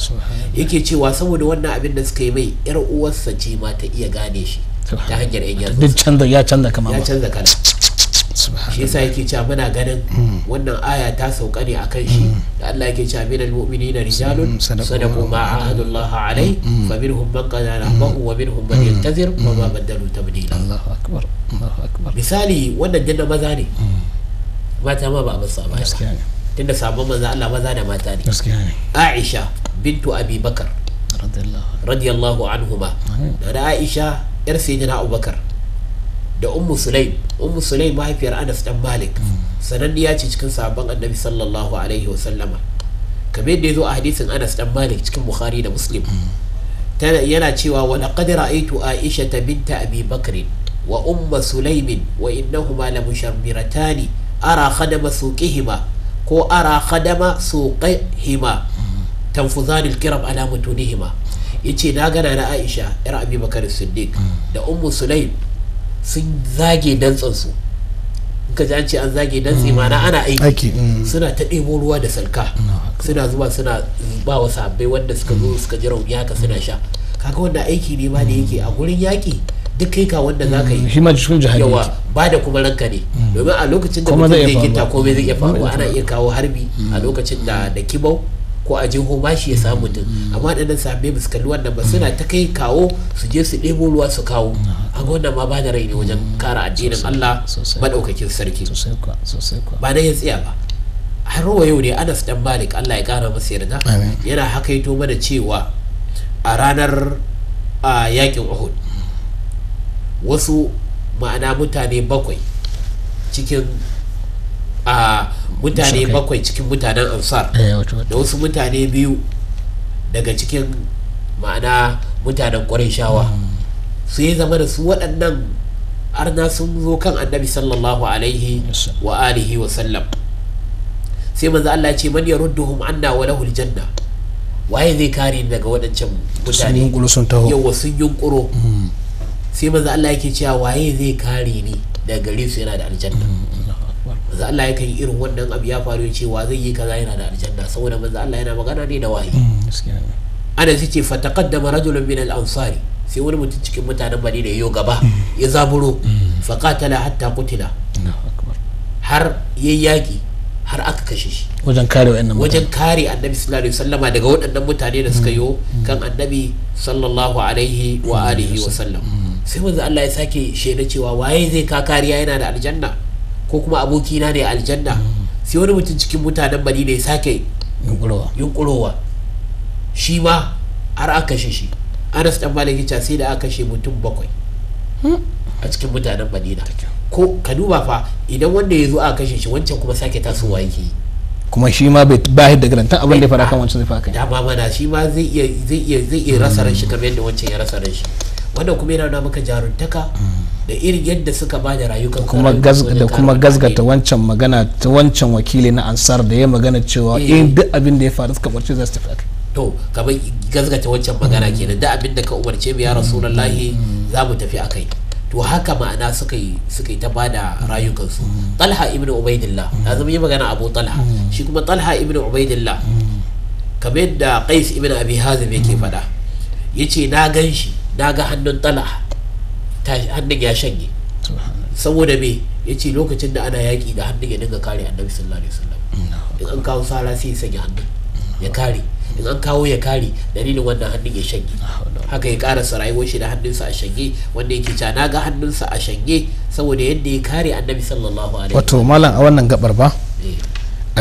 yake cewa saboda wannan abin da suka yi mai yar uwarsa ce ma ta iya gane shi ta hanyar yan yanzu ya canza kama shi yasa yake cewa muna ganin mm. wannan aya ta sauka ne akan shi mm. da Allah yake cewa min almu'minina rijalun mm, sadaqu ma ahadullah alai fa minhum man qada nahbahu wa minhum man yantazir wa ma badalu tabdila Allahu akbar Allahu akbar misali wannan dinda maza ne mata ma ba a masa ba tunda sabon manzo Allah maza da mata ne Aisha bintu Abi Bakar radiyallahu ba da Aisha yar sayyidina Abubakar da ummu sulaim ummu sulaim mahaifiyar anas dan malik mm. sananniya ce cikin sabon annabi sallallahu alaihi wa sallama kamar yadda ya zo a hadisin anas dan malik cikin bukhari da muslim mm. yana cewa wa laqad ra'aytu aisha binta abi bakr wa umma sulaim wa innahuma la mushammiratani ara khadama suqihima ko ara khadama suqihima mm. tanfuzanil kiram ala mutunihima yace na gana na aisha yar abi bakr siddiq da ummu sulaim sun zage dantsansu in ka ji an ce an zage dantsi mana mm. ana aiki mm. suna ta ɗebo ruwa da salka suna zuwa suna ba wasu abai wanda suka zo mm. suka ji rauni haka suna sha kaga wanda aiki ne ba da yake a gurin yaki duk kai ka wanda za ka yi yawa ba da kuma ranka ne domin a lokacin da mutum zai gita komai zai iya faruwa ana iya kawo harbi a lokacin da da kibau ko a jiho shi ya samu din mm. amma da sabe ba su kalli wannan ba suna ta kai kawo su je su ɗebo ruwa su kawo mm. a ga ma ba da rai ne wajen mm. kara addinin Allah madaukakin sarki ba da ya tsaya ba har ruwa yau ne Anas dan Malik Allah ya kara masa yarda yana hakaito mana cewa a ranar a yakin Uhud wasu ma'ana mutane bakwai cikin a mutane bakwai cikin mutanen ansar eh, da wasu mutane biyu daga cikin ma'ana mutanen shawa su yi zama da su waɗannan arna sun zo kan annabi sallallahu alaihi wa alihi wa sallam sai manzo Allah ce man yarudduhum anna wa lahul janna waye zai kare daga waɗancan mutane yau sun yunkuro hmm. sai manzo Allah yake cewa waye zai kare ni daga gare su yana da aljanna hmm, hmm. manzo Allah ya yi irin wannan abu ya faru ce wa zai yi kaza yana da aljanna saboda manzo Allah yana magana ne da wahayi mm, ana ce fa taqaddama rajulun min al-ansari sai wani mutum cikin mutanen Madina yayo gaba mm. ya zaburo mm. fa qatala hatta qutila har yayi yaki har aka kashe shi wajen kare wayannan wajen kare annabi sallallahu alaihi wasallama daga waɗannan mutane da suka yo kan annabi sallallahu alaihi wa alihi wa sallam sai manzo Allah ya sake shaida cewa waye zai ka kariya yana da aljanna ko kuma abokina ne aljanna sai wani mutum cikin mutanen madina ya sake yunkurowa shi ma har aka kashe shi anas dan malik ya sai da aka kashe mutum bakwai a cikin mutanen madina ko ka duba fa idan wanda ya zo aka kashe shi wancan kuma sake tasowa yake yi kuma shi ma bai bayar da ta abin da ya fara kan wancan zai fara kai dama na shi ma zai iya zai iya zai iya rasa ran shi kamar yadda wancan ya rasa ran shi wannan kuma yana nuna maka jaruntaka mm. da irin yadda suka ba da rayukan kuma da kuma gazgata wancan magana ta wancan wakili na ansar da ya magana cewa in eh. eh, duk abin da ya faru suka barci za su tafi akai to kamar gazgata wancan magana kenan da abin da ka umarce mu ya rasulullahi za mu tafi akai to haka ma'ana suka yi suka yi ta rayukan rayukansu talha ibn ubaidillah na zama yi magana abu talha shi kuma talha ibn ubaidillah kamar yadda qais ibn abi hazim yake faɗa yace na gan shi na ga hannun talha haddiga ya shanye saboda me ya ce lokacin da ana yaƙi da haddiga ya dinga kare annabi sallallahu alaihi wasallam in an kawo sala sai ya sanya hannun ya kare in an kawo ya kare dalilin wannan hannun ya shanye haka ya kara rayuwar shi da hannunsa a shanye wanda yake ca na ga hannunsa a shanye saboda yadda ya kare annabi sallallahu alaihi wato malam a wannan gabar ba eh.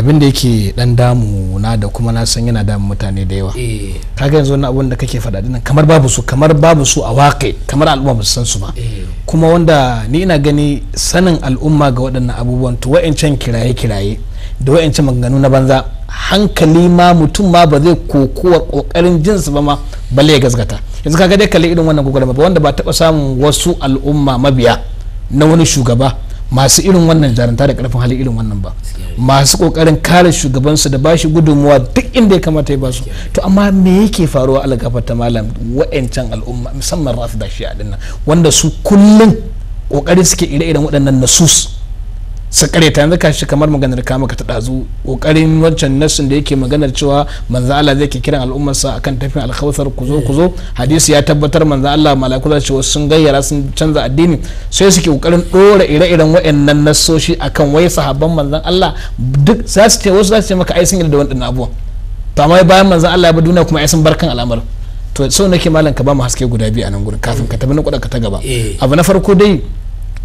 abin da yake dan damu na da kuma na san yana damu mutane da yawa eh. ka ga yanzu wannan abun da kake faɗa dinnan kamar babu su kamar babu su a wake kamar al'umma ba su san su ba eh. kuma wanda ni ina gani sanin al'umma ga waɗannan abubuwan to wa'ancan kiraye kiraye da wa'ancan maganganu na banza hankali ma mutum ma ba zai kokowa kokarin su ba ma balle ya gasgata yanzu ga dai kalli irin wannan gwagwarmaya ba wanda ba taɓa samun wasu al'umma mabiya na wani shugaba masu irin wannan jarumta da karfin hali irin wannan ba masu kokarin kare shugabansu da bashi gudunmuwa duk inda ya kamata ya ba su to amma me yake faruwa algafar ta malam wa'ancan al'umma musamman rafida da shi a wanda su kullum kokari suke ire-iren waɗannan nasus su kareta yanzu kashi kamar maganar kama ka taɗazu kokarin wancan nassin da yake maganar cewa manzo Allah zai ke kiran al'ummarsa akan tafin alkhawsar ku zo ku zo hadisi ya tabbatar manzo Allah mala'iku za ce sun gayyara sun canza addini sai suke kokarin dora ire-iren waɗannan nassoshi akan wai sahabban manzon Allah duk za su ce wasu za su ce maka ai sun da wannan abu. to amma bayan manzo Allah ya bi duniya kuma ai sun barkan al'amar to so nake malam ka ba mu haske guda biyu a nan gurin kafin ka tabbatar ka ta gaba eh. abu na farko dai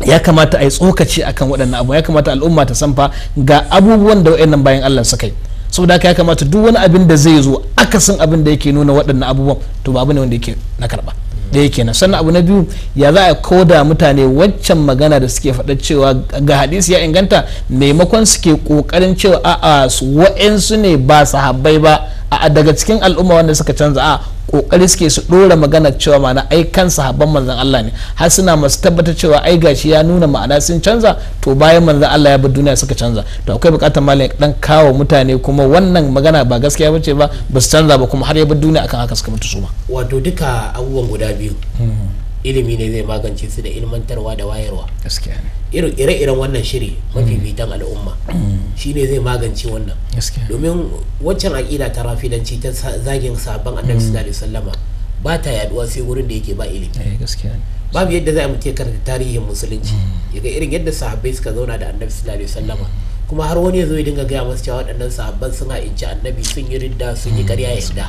ya kamata a yi tsokaci akan waɗannan abu ya kamata al'umma ta sanfa ga abubuwan da waɗannan bayan Allah suka yi saboda haka ya kamata duk wani abin da zai zo akasin abin da yake nuna waɗannan abubuwan to ba abu ne wanda yake na karɓa da yake na sannan abu na biyu ya za a koda mutane waccan magana da suke faɗa cewa ga hadisi ya inganta maimakon suke ƙoƙarin cewa a'a su ne ba sahabbai ba a daga cikin al'umma wanda suka canza a kokari suke su dora magana cewa ma'ana ai kan sahabban manzon Allah ne har suna masu tabbatar cewa ai gashi ya nuna ma'ana sun canza to bayan manzon Allah ya bar duniya suka canza to akwai bukatar malam dan kawo mutane kuma wannan magana ba gaskiya bace ba ba su canza ba kuma har ya bar duniya akan haka suka mutu su ma wato duka abubuwan guda biyu hmm. ilimi ne zai magance su da ilmantarwa da wayarwa gaskiya ne ire-iren wannan shiri mafifitan mm. al'umma mm. shi ne zai magance wannan domin waccan aƙida ta rafidanci ta zagin sabon annabi mm. sallallahu alaihi ba ta yaduwa sai wurin da yake ba ilimi eh, babu yadda za a mutu karanta tarihin musulunci ga irin yadda sahabai suka zauna da annabi sallallahu alaihi kuma har wani ya zo ya dinga gaya masu cewa waɗannan sahabban sun ha'inci annabi sun yi ridda sun yi ƙarya yadda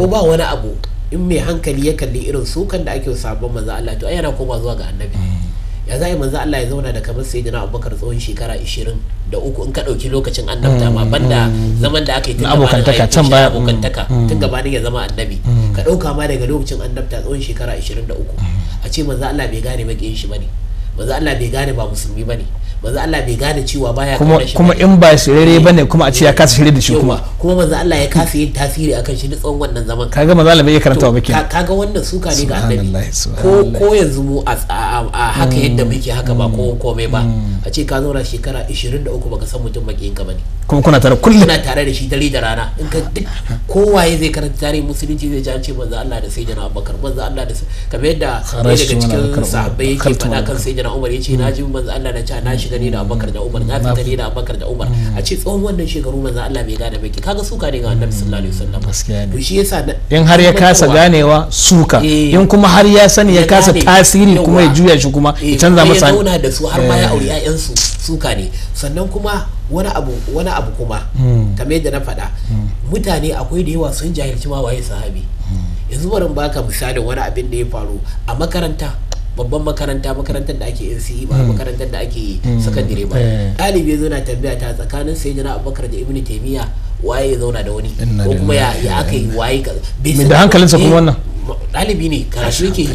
ko ba wani abu in mai hankali ya kalli irin sukan da ake sabon manzo Allah to ai yana koma zuwa ga annabi ya zai manzo Allah ya zauna da kamar sayyidina Abubakar tsawon shekara 23 in ka dauki lokacin annabta ma mm, banda mm. zaman da aka yi tun abokantaka can baya abokantaka mm, tun gaba ne ya zama annabi ka dauka ma daga lokacin annabta tsawon shekara 23 a ce manzo Allah bai gane makiyin shi bane manzo Allah bai gane ba musulmi bane manzo Allah bai gane cewa baya kuma kuma in ba shirere bane kuma a ce ya kasa shirye da shi kuma kuma manzo Allah ya kasa yin tasiri akan shi tsawon wannan zaman kaga manzo Allah bai iya karantawa ba kenan kaga wannan suka ne ga annabi ko ko yanzu mu a haka mm, yadda muke haka ba ko mm, komai ba mm. a ce ka zauna shekara 23 baka san mutum makiyin ka bane kuma kuna tare kullum kuna tare da shi dare da rana in ka kowaye zai karanta tarihi musulunci zai ji an ce manzo Allah da sayyidina Abubakar manzo Allah da kamar yadda daga cikin sahabbai yake faɗa kan sayyidina Umar yace na ji manzo Allah da cha na shi gani da abubakar da umar na fita da abubakar da umar hmm. a ce tsawon wannan shekaru manzo Allah bai gane baki kaga suka ne ga annabi sallallahu alaihi wasallam gaskiya ne shi yasa in har ya kasa ganewa suka eh. in kuma har ya sani ya kasa tasiri kuma ya juya shi kuma ya eh, canza masa ya zauna da su har ma ya aure eh. ƴaƴan su suka ne sannan kuma wani abu wani abu kuma hmm. kamar yadda na faɗa hmm. mutane akwai da yawa sun jahilci ma waye sahabi yanzu barin baka misalin wani abin da ya faru a makaranta babban makaranta makarantar da ake NCE ba hmm. makarantar da ake hmm. sakandire ba eh. ɗalibi zo na tambaya ta tsakanin sayyidina Abubakar da Ibn Taymiyyah waye ya zauna da wani ko kuma ya aka yi waye ka da hankalinsa kuma eh, wannan ɗalibi ne karatu yake yi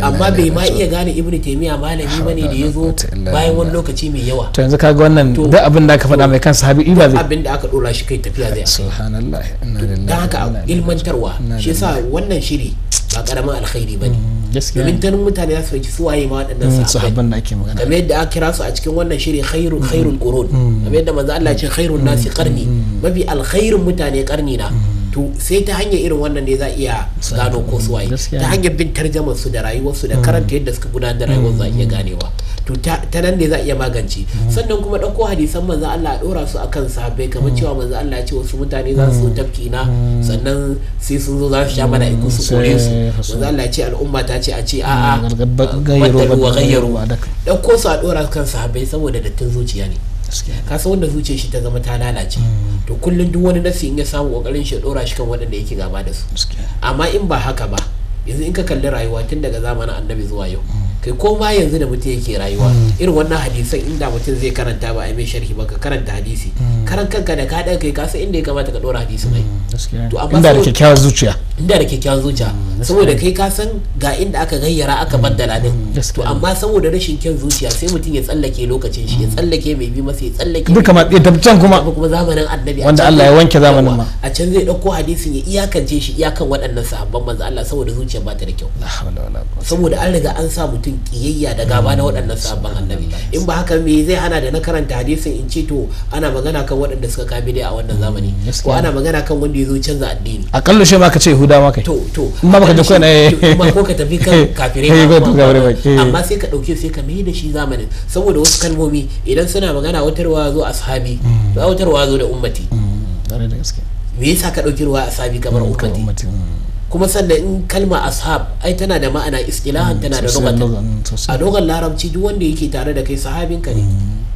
amma bai ma iya gane ibnu taimiyya malami ba ne da ya zo bayan wani lokaci mai yawa to yanzu kaga wannan da abin da aka faɗa mai kansa habi iba zai abin da aka dora shi kai tafiya zai subhanallah inna lillahi haka ilmantarwa shi yasa wannan shiri ba karamin alkhairi bane hmm. domin ganin mutane za su ɗauki su waye ma waɗannan mm, sahabban da ake magana kamar yadda aka kira su a cikin wannan shiri khairu mm, khairul mm, qurun kamar yadda manzo Allah ya ce khairun nasi qarni mafi alkhairun mutane karni na to sai ta hanyar irin wannan ne za a iya gano ko su waye ta hanyar bin tarjamar su da rayuwar su da karanta yadda suka gudanar da rayuwar za a iya ganewa to ta nan ne za a iya magance sannan kuma ɗauko hadisan manzan Allah a ɗora su akan sahabbai kamar mm. cewa manzan Allah ce wasu mutane za su mm. tafki na mm. sannan sai sun zo za su sha mana iku su kore su manzan Allah ya ce al'umma ta ce a ce a'a wa gayyaru ɗauko su a ɗora su kan sahabbai saboda dattin zuciya ne kasa wanda zuciya shi ta zama ta lalace to kullum duk wani nasi in ya samu kokarin shi ɗora shi kan waɗanda yake gaba da su amma in ba haka ba yanzu in ka kalli rayuwa tun daga zamanin annabi zuwa yau kai ko ma yanzu da mutum yake rayuwa hmm. irin wannan hadisan inda mutum zai karanta ba a mai sharhi ba ka karanta hadisi hmm. karan kanka da ka ɗan kai ka inda ya kamata ka ɗora hadisi mai hmm, to amma da kyakkyawar zuciya inda da kyakkyawan zuciya mm, saboda kai ka san ga inda aka gayyara aka mm, baddala din to amma saboda rashin kyan zuciya sai mutum ya tsallake lokacin shi ya mm. tsallake mai bi masa ya tsallake duka ma da can kuma kuma zamanin annabi wanda Allah ya wanke zamanin ma a can zai dauko hadisin ya iyakance shi iyakan waɗannan sahabban manzo Allah saboda zuciya ba ta da kyau saboda an riga an sa mutum kiyayya da gaba na waɗannan sahabban annabi in ba haka me zai hana da na karanta hadisin in ce to ana magana kan waɗanda suka kabi dai a wannan zamani ko ana magana kan wanda ya zo canza addini akalla shi ma ka ce dama kai to to amma baka ji kuna amma eh. ko ka tafi kan [laughs] kafire eh, ba eh. amma sai ka dauke sai ka mai da shi zamanin saboda wasu kalmomi idan suna magana wutarwa zo ashabi za mm. wutarwa zo da ummati mm. me yasa ka dauki ruwa ashabi kamar mm, ummati kuma sannan in kalma ashab ai tana da ma'ana istilahan tana da lugatan a dogon larabci duk wanda yake tare da kai sahabinka ne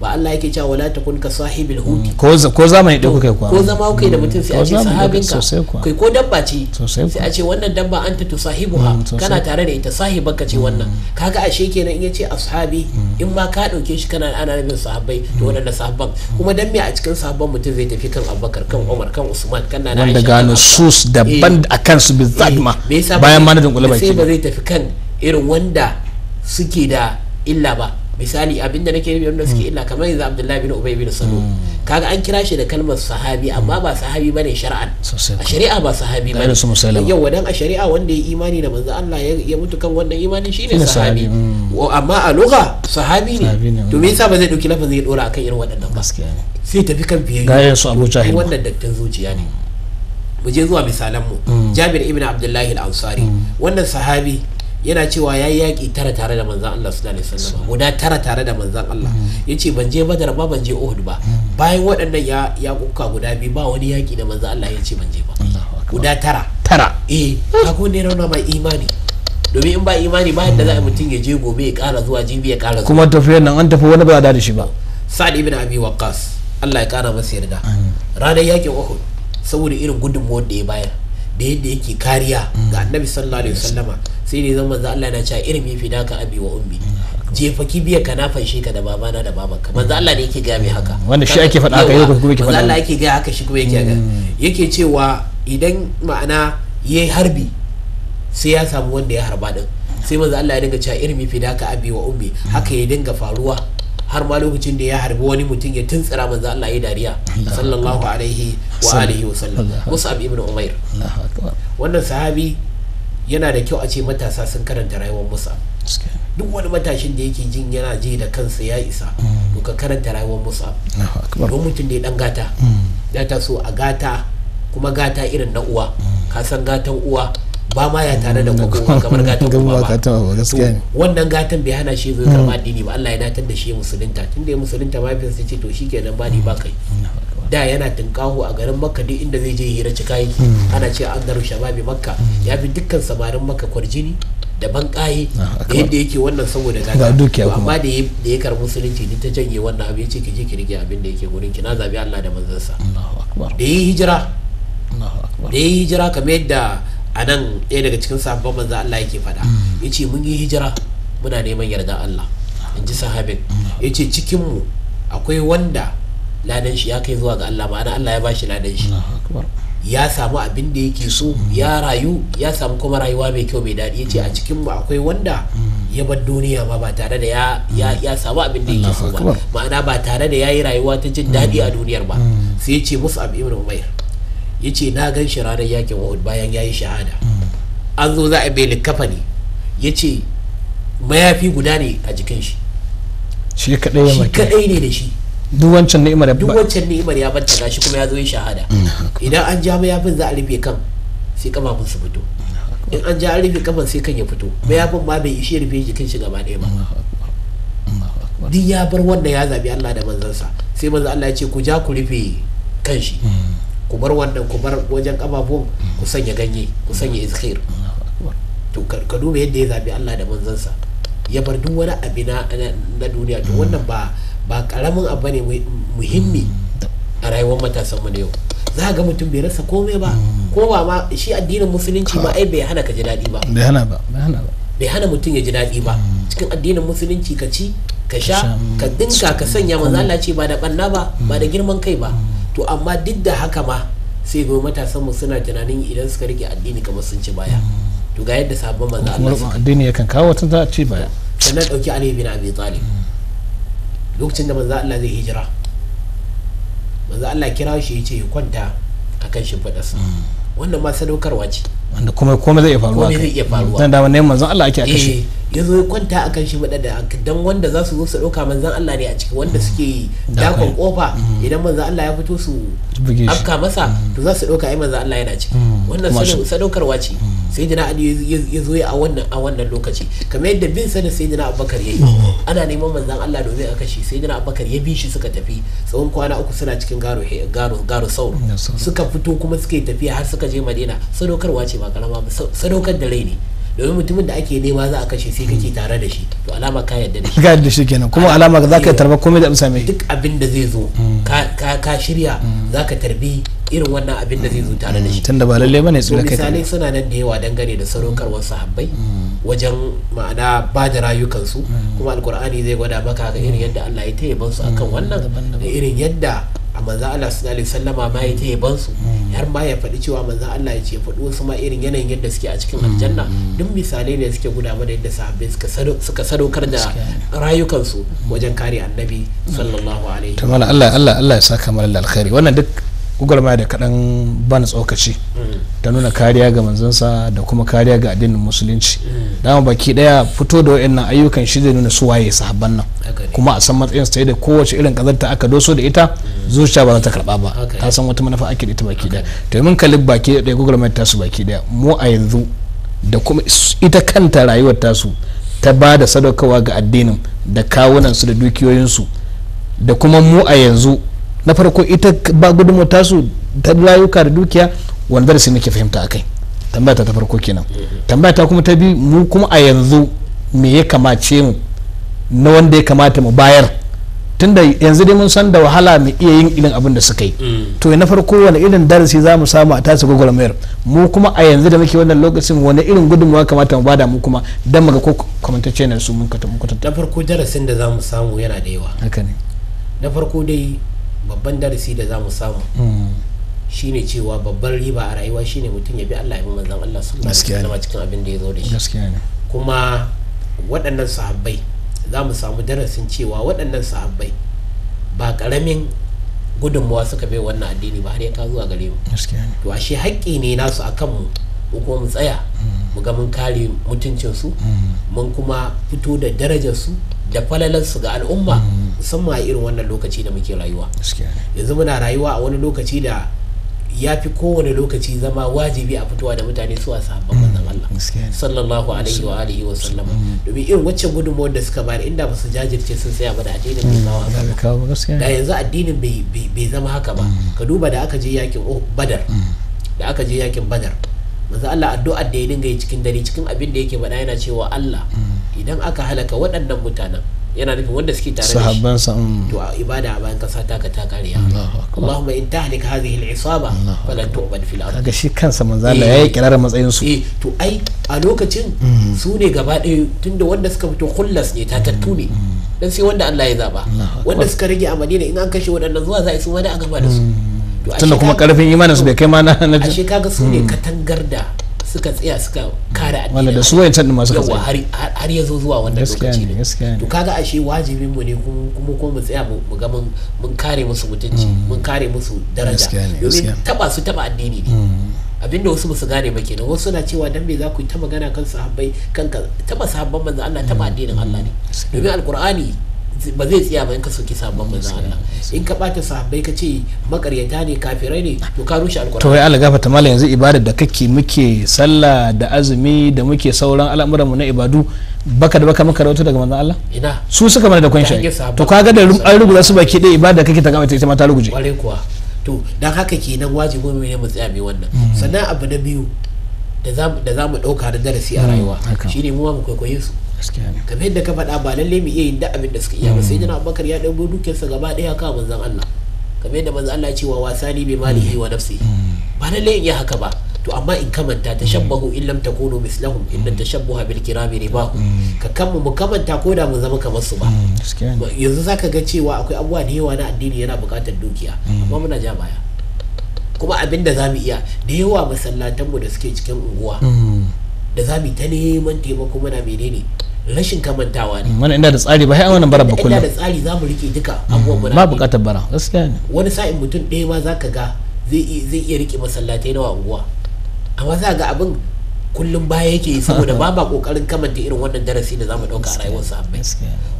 ba Allah yake cewa wala ta kun ka sahibil huti mm. ko zamani da kuka kwa ko zama kuka da mutum sai a ce sahabinka kai ko dabba ce sai a ce wannan dabba anta tu sahibuha mm, kana tare da ita sahibanka ce wannan mm. kaga ashe kenan in yace ashabi in ma ka dauke shi kana ana nabin sahabbai to wannan sahabban kuma dan me a cikin sahabban mutum zai tafi kan Abubakar kan Umar kan Usman kan Nana wanda gano sus daban akan su bizat ma bayan manajin ulama sai ba zai tafi kan irin wanda suke da illa ba misali abinda nake nufi wanda suke mm. illa kamar yanzu abdullahi bin ubay bin salo mm. kaga an kira shi da kalmar sahabi amma ba sahabi bane shar'an a shari'a ba sahabi bane yau wadan a shari'a wanda ya imani da manzo Allah ya mutu kan wannan imanin shine sahabi mm. amma a lugha sahabi ne to me yasa ba zai dauki lafazin ya dora akan irin waɗannan ba sai tafi kan ga yan su Abu Jahil wannan dattin zuciya ne mu je zuwa misalan mu Jabir ibn Abdullahi al-Ansari wannan sahabi yana cewa ya yi yaƙi tara tare da manzan Allah su alaihi wasallam guda tara tare da manzan Allah mm. ya ce ban je badar ba ban je uhud ba mm. bayan waɗannan ya ya kuka guda biyu ba wani yaƙi da manzan Allah ya ce ban je ba guda tara tara eh ka ne rauna mai imani domin in ba imani ba yadda za a mutum ya je gobe ya ƙara zuwa jibi ya ƙara zuwa kuma tafiyar nan an tafi wani ba da shi ba sa'ad ibn abi waqqas Allah ya ƙara masa yarda ranar yaƙin uhud saboda irin gudunmuwar da ya bayar da yadda yake kariya mm. ga annabi sallallahu alaihi wasallama sai ne zan manzo Allah na cewa mi fi daka abi wa ummi mm. jefa kibiya ka fa shi ka da babana da babanka manzo mm. Allah ne yake ga mai haka wanda shi ake faɗa haka yau kuma yake faɗa Allah yake ga haka shi kuma yake ga yake cewa idan ma'ana yayi harbi sai ya samu wanda ya harba din sai manzo Allah ya dinga cewa irin mi fi daka abi wa ummi haka ya dinga faruwa har ma lokacin da ya harbi wani mutum ya tuntsira manzo Allah ya dariya sallallahu alaihi wa alihi wa sallam Mus'ab ibn Umair wannan sahabi yana da kyau a ce matasa sun karanta rayuwar Musa. duk wani matashin da yake jin yana je da kansa ya isa mm. to ka karanta rayuwar Mus'ab don mutum da ya dan gata mm. ya taso a gata kuma gata irin na uwa mm. ka san gatan uwa ba ma ya tare da kokowa mm. kamar gatan kuma ba [laughs] gaskiya ne wannan gatan bai hana shi zai karba mm. addini ba Allah ya datar da shi musulunta tunda ya musulunta fi ce to shikenan ba ni ba kai mm. da yana tunkaho a garin makka duk inda zai je hira cika yi ana ce an daru shababi makka ya bi dukkan samarin makka kwarjini da bankaye ah, da yadda yake wannan saboda gaga amma da ya karbi musulunci ni ta janye wannan abu ya ce kije ki rige abin da yake gurin ki na zabi Allah da manzansa da yi hijira da yi hijira kamar yadda a nan ɗaya daga cikin sahabban manzo Allah yake faɗa mm. ce mun yi hijira muna neman yardan Allah in ji sahabin mm. Ya ce cikinmu akwai wanda ladan shi ya kai zuwa ga Allah ma'ana Allah ya bashi ladan shi ya samu abin da yake so mm. ya rayu ya samu kuma rayuwa mai kyau mai daɗi Ya ce a cikin akwai wanda ya bar duniya ma ba tare da ya samu abin da yake so ba ma'ana ba tare da ya yi rayuwa ta jin daɗi a duniyar ba sai ya ce yace Mus'ab ibn Umair ya ce na gan shi ranar yakin wa'ud bayan ya yi shahada hmm. an zo za a bai likafa ne ya ce mayafi guda ne a jikin shi shi kadai ne da shi duk wancan ni'imar ya duk ni'imar shi kuma ya zo yi shahada hmm, idan an ja mayafin za a rufe kan sai kamafin su fito hmm, in an ja an rufe kafan sai kan ya fito mayafin ma bai ishe rufe jikin shi gaba ɗaya ba duk ya bar wanda ya zabi Allah da manzansa sai manzo Allah ya ce ku ja ku rufe kan shi ku bar wannan ku bar wajen kafafun ku sanya ganye ku sanya izkhir to ka duba yadda ya zabi Allah da manzansa ya bar duk wani abu na duniya to wannan ba ba karamin abu ne muhimmi a rayuwar matasan mu na yau za ga mutum bai rasa komai ba ko ba ma shi addinin musulunci ma ai bai hana ka ji daɗi ba bai hana ba bai hana ba bai hana mutum ya ji daɗi ba cikin addinin musulunci ka ci ka sha ka dinka ka sanya manzo Allah ce ba da banna ba ba da girman kai ba to amma duk da haka ma sai ga matasan mu suna tunanin idan suka rike addini kamar sun ci baya to ga yadda sabon manzo Allah kuma addini yakan kawo wata za a ci baya sannan dauki Ali bin Abi Talib lokacin da manzo Allah zai hijira manzo Allah kira shi ya ce ya kwanta akan sa. Hmm. wannan ma sadaukarwa ce wanda kuma komai zai iya faruwa komai zai iya faruwa dan da wannan manzo Allah ake a kashe eh, ya zo ya kwanta akan shi madada dan wanda za su zo su dauka manzan Allah ne a ciki wanda suke dakon kofa mm-hmm. idan manzan Allah ya fito su afka masa mm-hmm. to za su dauka ai manzan Allah yana ciki mm-hmm. wannan sadaukarwa ce sai jina Ali ya zo a wannan a wannan lokaci kamar yadda bin sanin sai jina Abubakar yayi oh. ana neman manzan Allah domin a kashe sai jina Abubakar ya bi shi suka tafi tsawon kwana uku suna cikin garo garo garo saur suka fito kuma suke tafiya har suka je Madina sadaukarwa ce ba karama ba sadaukar da rai ne domin mutumin da ake nema za a kashe sai kake tare da shi to alama ka yadda da shi ga yadda shi kenan kuma alama za ka tarba komai da amsa mai duk abin da zai zo hmm. ka shirya hmm. za ka tarbi irin wannan abin da zai zo tare da shi hmm. tunda ba lalle bane su kai misalai suna nan da yawa dangane da wasu sahabbai wajen ma'ana ba da rayukan su kuma alkur'ani zai gwada maka ga irin yadda Allah ya taya su akan wannan da irin yadda a manzan Allah suna alaihi sallama ma ya ta yaban su hmm. har ma ya faɗi cewa manzan Allah ya ce faɗi wasu ma irin yanayin yadda suke a cikin hmm. aljanna duk misalai ne suke guda mana yadda sahabbai suka sadaukar da rayukansu wajen kare annabi hmm. sallallahu alaihi to Allah Allah Allah ya saka mana alkhairi wannan duk ma da kaɗan ban tsokaci ta nuna kariya ga manzansa da kuma kariya ga addinin musulunci mm. dama baki daya fito da wa'annan ayyukan shi zai nuna su waye sahabban nan kuma a san matsayin sai da kowace irin kazarta aka doso da ita mm. zuciya ba za ta karba ba ta san wata manufa ake da ita baki daya to mun kalli baki daya ma ta su baki daya mu a yanzu da kuma ita kanta rayuwar su ta ba da sadaukarwa ga addinin da kawunan su da dukiyoyin su da kuma mu a yanzu na farko ita ba gudunmu tasu ta layuka da dukiya wani darasi nake fahimta akai tambaya ta farko kenan tambaya ta kuma ta bi mu kuma a yanzu me ya kamace mu na wanda ya kamata mu bayar tunda yanzu dai mun san da wahala mu iya yin irin abin da suka yi mm. to na farko wani irin darasi za mu samu a tasi mayar mu kuma a yanzu da muke wannan lokacin wani irin gudunmawa kamata mu bada mu kuma dan mu ko kwamantacce na su mun kata mun kata na farko darasin da za mu samu yana da yawa haka ne na farko dai babban darasi da za mu samu hmm. shine cewa babban riba a rayuwa shine mutum ya bi Allah ya bi manzon Allah sallallahu alaihi zama cikin abin da ya zo da shi kuma waɗannan sahabbai za mu samu darasin cewa waɗannan sahabbai ba ƙaramin gudunmawa suka bai wannan addini ba har ya kawo zuwa gare mu to ashe haƙƙi ne nasu a kanmu mu kuma mu tsaya hmm. mu ga mun kare mutuncinsu hmm. mun kuma fito da darajarsu da falalarsu ga al'umma musamman a irin wannan lokaci da muke rayuwa yanzu muna rayuwa a wani lokaci da ya fi kowane lokaci zama wajibi a fitowa da mutane su a sahabban mm, manzon Allah sallallahu alaihi wa alihi wa sallama mm. domin irin wacce gudunmawar da suka bayar inda basu jajirce sun tsaya ba da addinin bai zama haka da yanzu addinin bai zama haka ba mm. ka duba da aka je yakin badar da aka je yakin badar maza Allah addu'ar da ya dinga yi cikin dare cikin abin da yake bada yana cewa Allah idan aka halaka waɗannan mutanen yana nufin wanda suke tare da shi mm. to a ibada a bayan kasa taka ta kariya Allahumma in tahlik hadhihi al-isaba fala tu'bad fil ard kaga shi kansa manzo Allah yayi eh. kirarar matsayin su eh to ai a lokacin mm. su ne gaba ɗaya tunda wanda suka fito khullas ne tatattu ne mm. dan sai wanda Allah ya zaba wanda suka rage a Madina in an kashe waɗannan zuwa za a yi su ma da a gaba da su tunda kuma karfin imanin su bai kai ma na ashe kaga su ne katangar da suka tsaya suka kare addini wanda da su wayancan ma suka tsaya har har yazo zuwa wannan lokaci ne to kaga ashe wajibin mu ne kuma ko mu tsaya mu ga mun mun kare musu mutunci mm. mun kare musu daraja domin taba su taba addini ne mm. abinda wasu musu gane ba kenan wasu na cewa dan me za ku yi ta magana kan sahabbai kan taba sahabban manzo Allah taba mm. addinin Allah ne domin alqur'ani ba zai tsaya ba in ka soki sabon manzon Allah in ka bata sahabbai ka ce makaryata ne kafirai ne to ka rushe alkur'ani to wai Allah gafarta mallan yanzu ibadar da kake muke sallah da azumi da muke sauran al'amuran mu na ibadu baka da baka maka rawatu daga manzon Allah ina su suka mana da shi. to kaga da an rubuta su baki da ibada kake ta gama ita ma ta ruguje kware kuwa to dan haka kenan wajibi ne mu tsaya mai wannan hmm. sannan abu na biyu da za mu ɗauka da darasi a hmm. rayuwa shine mu ma mu kwaikwaye su kamar yadda ka faɗa ba lalle mu iya yin da abin da suka iya ba sai jana mm. abubakar ya ɗauko dukiyarsa gaba ɗaya ka manzan allah kamar yadda manzan allah cewa wasa ne bai mali wa nafsi mm. Mm. ba lalle in yi haka ba to amma in kamanta shabbahu in lam takunu mislahum ta tashabbuha bil kirami ribahu ka kanmu mu kamanta ko da mu zama kamar su ba yanzu zaka ga cewa akwai abubuwa da yawa na addini yana buƙatar dukiya amma muna ja baya kuma abin da za mu iya da yawa masallatanmu da suke cikin unguwa da za mu ta neman taimako muna menene rashin kamantawa ne wani inda da tsari ba sai wannan bara ba kullum inda da tsari za mu rike duka mm-hmm. abubuwan ba bukatar bara gaskiya ne wani sa'in mutum ɗaya ma zaka ga zai iya rike masallatai na unguwa amma za ga abin kullum baya yake saboda ba ba kokarin kamanta irin wannan darasi da zamu dauka a rayuwar sahabbai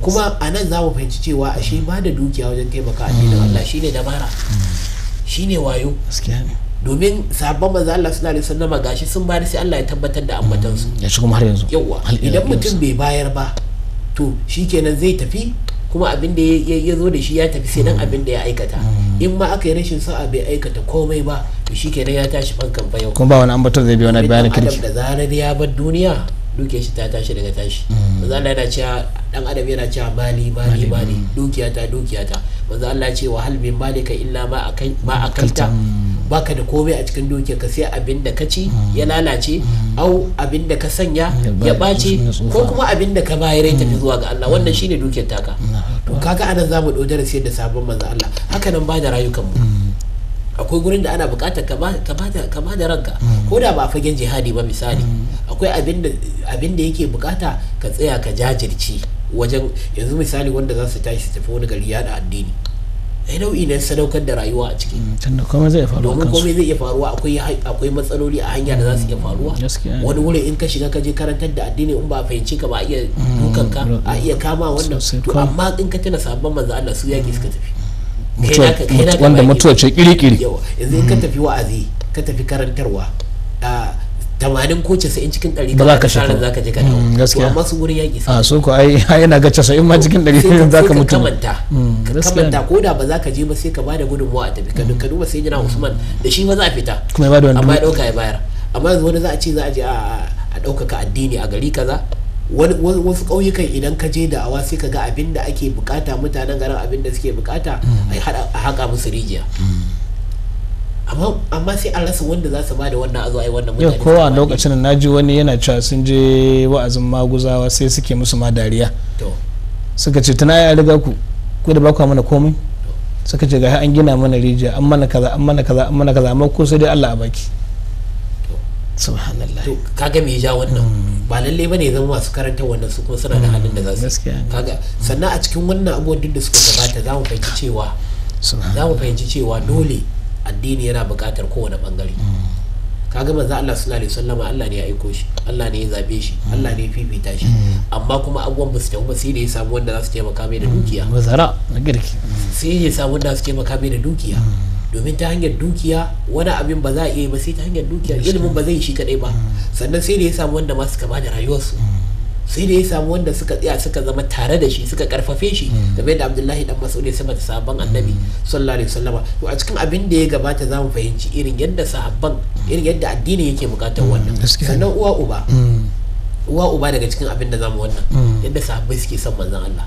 kuma a nan zamu fahimci cewa ashe ba da dukiya wajen taimaka addinin mm-hmm. Allah shine dabara mm-hmm. shine wayo domin sabon manzo Allah suna da alaihi nama gashi sun bayar sai Allah ya tabbatar da ambatansu mm, ya shi kuma har yanzu yawa idan mutum bai bayar ba to shikenan zai tafi kuma abin da ya zo da shi ya tafi sai nan mm. abin da ya aikata mm. in ma aka yi rashin sa'a bai aikata komai ba to shikenan ya tashi fankan bayan kuma ba wani ambaton zai bi wani bayanin kirki da zarar ya bar duniya duke shi ta tashi daga tashi manzo Allah yana cewa dan adam yana cewa mali mali mali dukiya ta dukiya ta manzo Allah ya ce wa hal min malika illa ma akan ma akanta baka da komai a cikin dukiyar ka sai abin da ka ci ya mm. lalace mm. au abin da ka sanya ya ɓace ko kuma abin da ka bayar ya tafi mm. zuwa ga Allah wannan shine dukiyar taka to kaga anan zamu dau darasi da sabon manzo Allah haka nan ba da rayukanmu akwai gurin da ana bukatar ka ba da ranka ko da ba a fagen jihadi ba misali akwai abin da yake bukata ka tsaya ka jajirce wajen yanzu misali wanda za su tashi su tafi wani gari yada addini ai eh, nau'i na sadaukar da rayuwa a ciki mm, komai zai faruwa domin komai zai iya faruwa akwai akwai matsaloli a hanya da za su iya mm, faruwa wani wurin in ka shiga ka je karantar da addini in ba fahimci ka ba iya mm, dukan ka a iya kama wannan to amma in ka tana sabon manzo Allah su yake suka tafi wanda mutuwa ce kiri-kiri yanzu in ka tafi wa'azi ka tafi karantarwa tamanin ko casa'in cikin ɗari ba za ka shafa za ka je ka dawo mm, gaskiya amma su wurin yaƙi sai a so ko ai yana ga in ma cikin ɗari za ka mutu kamanta mm, kamanta ko da ba za ka je ba sai ka bada gudunmawa a tafi ka duba sai jira mm. usman da shi ba za a fita kuma ya da wani amma ya dauka ya bayar amma yanzu wani za a ce za a je a daukaka addini a gari kaza wasu ƙauyukan idan ka je da awa sai ka ga abin da ake bukata mutanen garin abin da suke bukata a haƙa musu rijiya amma sai an rasa wanda za su ba da wannan azo ai wannan mutane kowa lokacin na ji wani yana cewa sun je wa'azin maguzawa sai suke musu ma dariya suka ce tana ya riga ku ku da baka mana komai suka ce ga an gina mana rijiya an mana kaza an mana kaza an mana kaza amma ko sai dai Allah a baki subhanallah to kaga me ja wannan hmm. ba lalle bane zama masu karanta wannan su kuma suna da halin da za su hmm, kaga hmm. sannan a cikin wannan abubuwan duk da suka gabata za mu fahimci cewa za mu fahimci cewa dole addini yana buƙatar kowane bangare kaga manzo Allah sallallahu alaihi wasallama Allah ne ya aiko shi Allah ne ya zabe shi Allah ne ya fifita shi amma kuma abubuwan ba su tafi ba sai da ya samu wanda za su taimaka mai da dukiya mazara mm, girki sai ya samu wanda za su taimaka mai da dukiya mm. domin ta hanyar dukiya wani abin ba za a iya ba sai ta hanyar dukiya ilimin ba zai shi kadai ba mm. sannan sai da ya samu wanda su kama da rayuwarsu sai da ya samu wanda suka tsaya suka zama tare da shi suka karfafe shi game mm. da abdullahi dan mas'ud ya sabata sahabban annabi mm. sallallahu alaihi wasallama to a cikin abin da ya gabata za mu fahimci irin yadda sahabban irin yadda addini yake bukatar wannan mm, sannan uwa uba uwa uba daga cikin abin da zamu wannan mm. yadda sahabbai suke son manzon Allah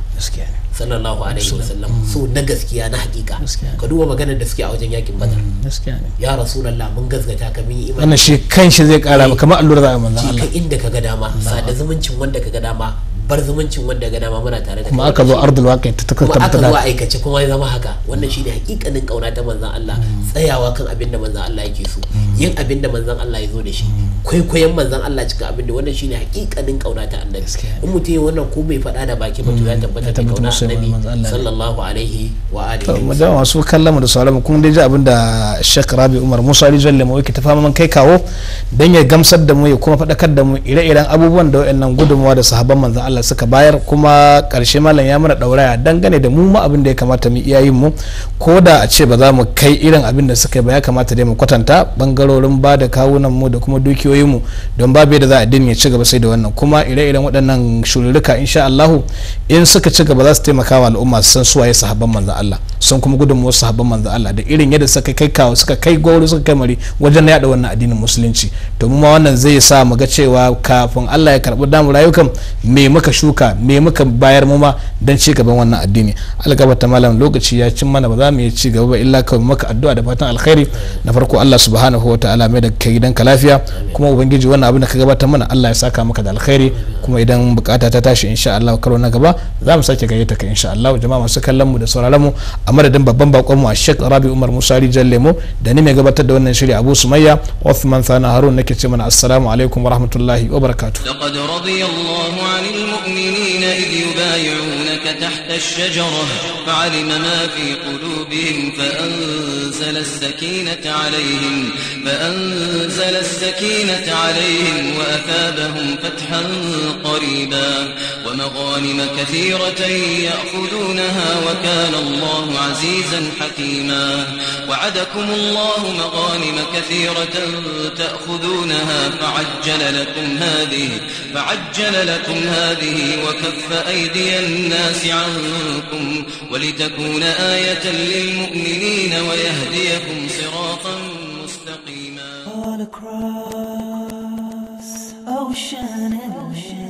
sallallahu alaihi wasallam mm. so na gaskiya na hakika ka duba maganar da suke a wajen yakin badar mm, ya rasulullah mun gaskata ka mun yi imani wannan shi kanshi zai kara kamar allura za a manzon Allah inda ka ga dama da zumuncin wanda ka ga dama bar zumuncin wanda ga dama muna tare da kuma aka zo ardul waqi ta kuma aka zo aikace kuma ya zama haka wannan shine hakikanin kauna ta manzon Allah mm. tsayawa kan abinda manzan manzon Allah yake so mm. yin abinda manzan manzon Allah ya zo da shi mm. kwaikwayon manzon Allah cika abinda da wannan shine hakikanin kauna ta annabi in mutum ya wannan ko bai faɗa da baki ba to ya tabbata da kauna annabi sallallahu alaihi wa alihi wa sallam wasu kallamu da salamu kun dai ji abin da Sheikh Rabi Umar Musa Ali Jalle mu yake ta fama man kai kawo dan ya gamsar da mu ya kuma faɗakar da mu ire-iren abubuwan da wayannan gudunmuwa da sahabban manzon Allah Allah suka bayar kuma karshe malam ya mana dauraya dangane da mu ma abin da ya kamata mu iyayin mu ko da a ce ba za mu kai irin abin da suka ba ya kamata dai mu kwatanta bangarorin ba da kawunan mu da kuma dukiyoyin mu don babu yadda za a din ci gaba sai da wannan kuma ire-iren waɗannan shururruka insha Allahu in suka ci gaba za su taimaka wa al'umma su san suwaye sahabban manzon Allah sun kuma gudunmuwar sahabban manzon Allah da irin yadda suka kai kawo suka kai gwauri suka kai mari wajen yada wannan addinin musulunci to mu ma wannan zai sa mu ga cewa kafin Allah ya karbi damu rayukan me muka muka shuka me muka bayar mu ma don ci gaban wannan addini ta malam lokaci ya cin mana ba za mu yi ci gaba ba illa kawai maka addu'a da fatan alkhairi na farko Allah subhanahu wa ta'ala mai da kai gidanka lafiya kuma ubangiji wannan abin da ka gabatar mana Allah ya saka maka da alkhairi kuma idan bukata ta tashi insha Allah karo na gaba za mu sake gayyata ka insha Allah jama'a masu kallon mu da sauraron mu a madadin babban bakon mu a Sheikh Rabi Umar Musa jalle mu da ni mai gabatar da wannan shiri Abu Sumayya Uthman sana Harun nake ce mana assalamu alaikum wa rahmatullahi wa barakatuh المؤمنين إذ يبايعونك تحت الشجرة فعلم ما في قلوبهم فأنزل السكينة عليهم فأنزل السكينة عليهم وأثابهم فتحا قريبا ومغانم كثيرة يأخذونها وكان الله عزيزا حكيما وعدكم الله مغانم كثيرة تأخذونها فعجل لكم هذه فعجل لكم هذه به وكف أيدي الناس عنكم ولتكون آية للمؤمنين ويهديكم صراطا مستقيما All across ocean and ocean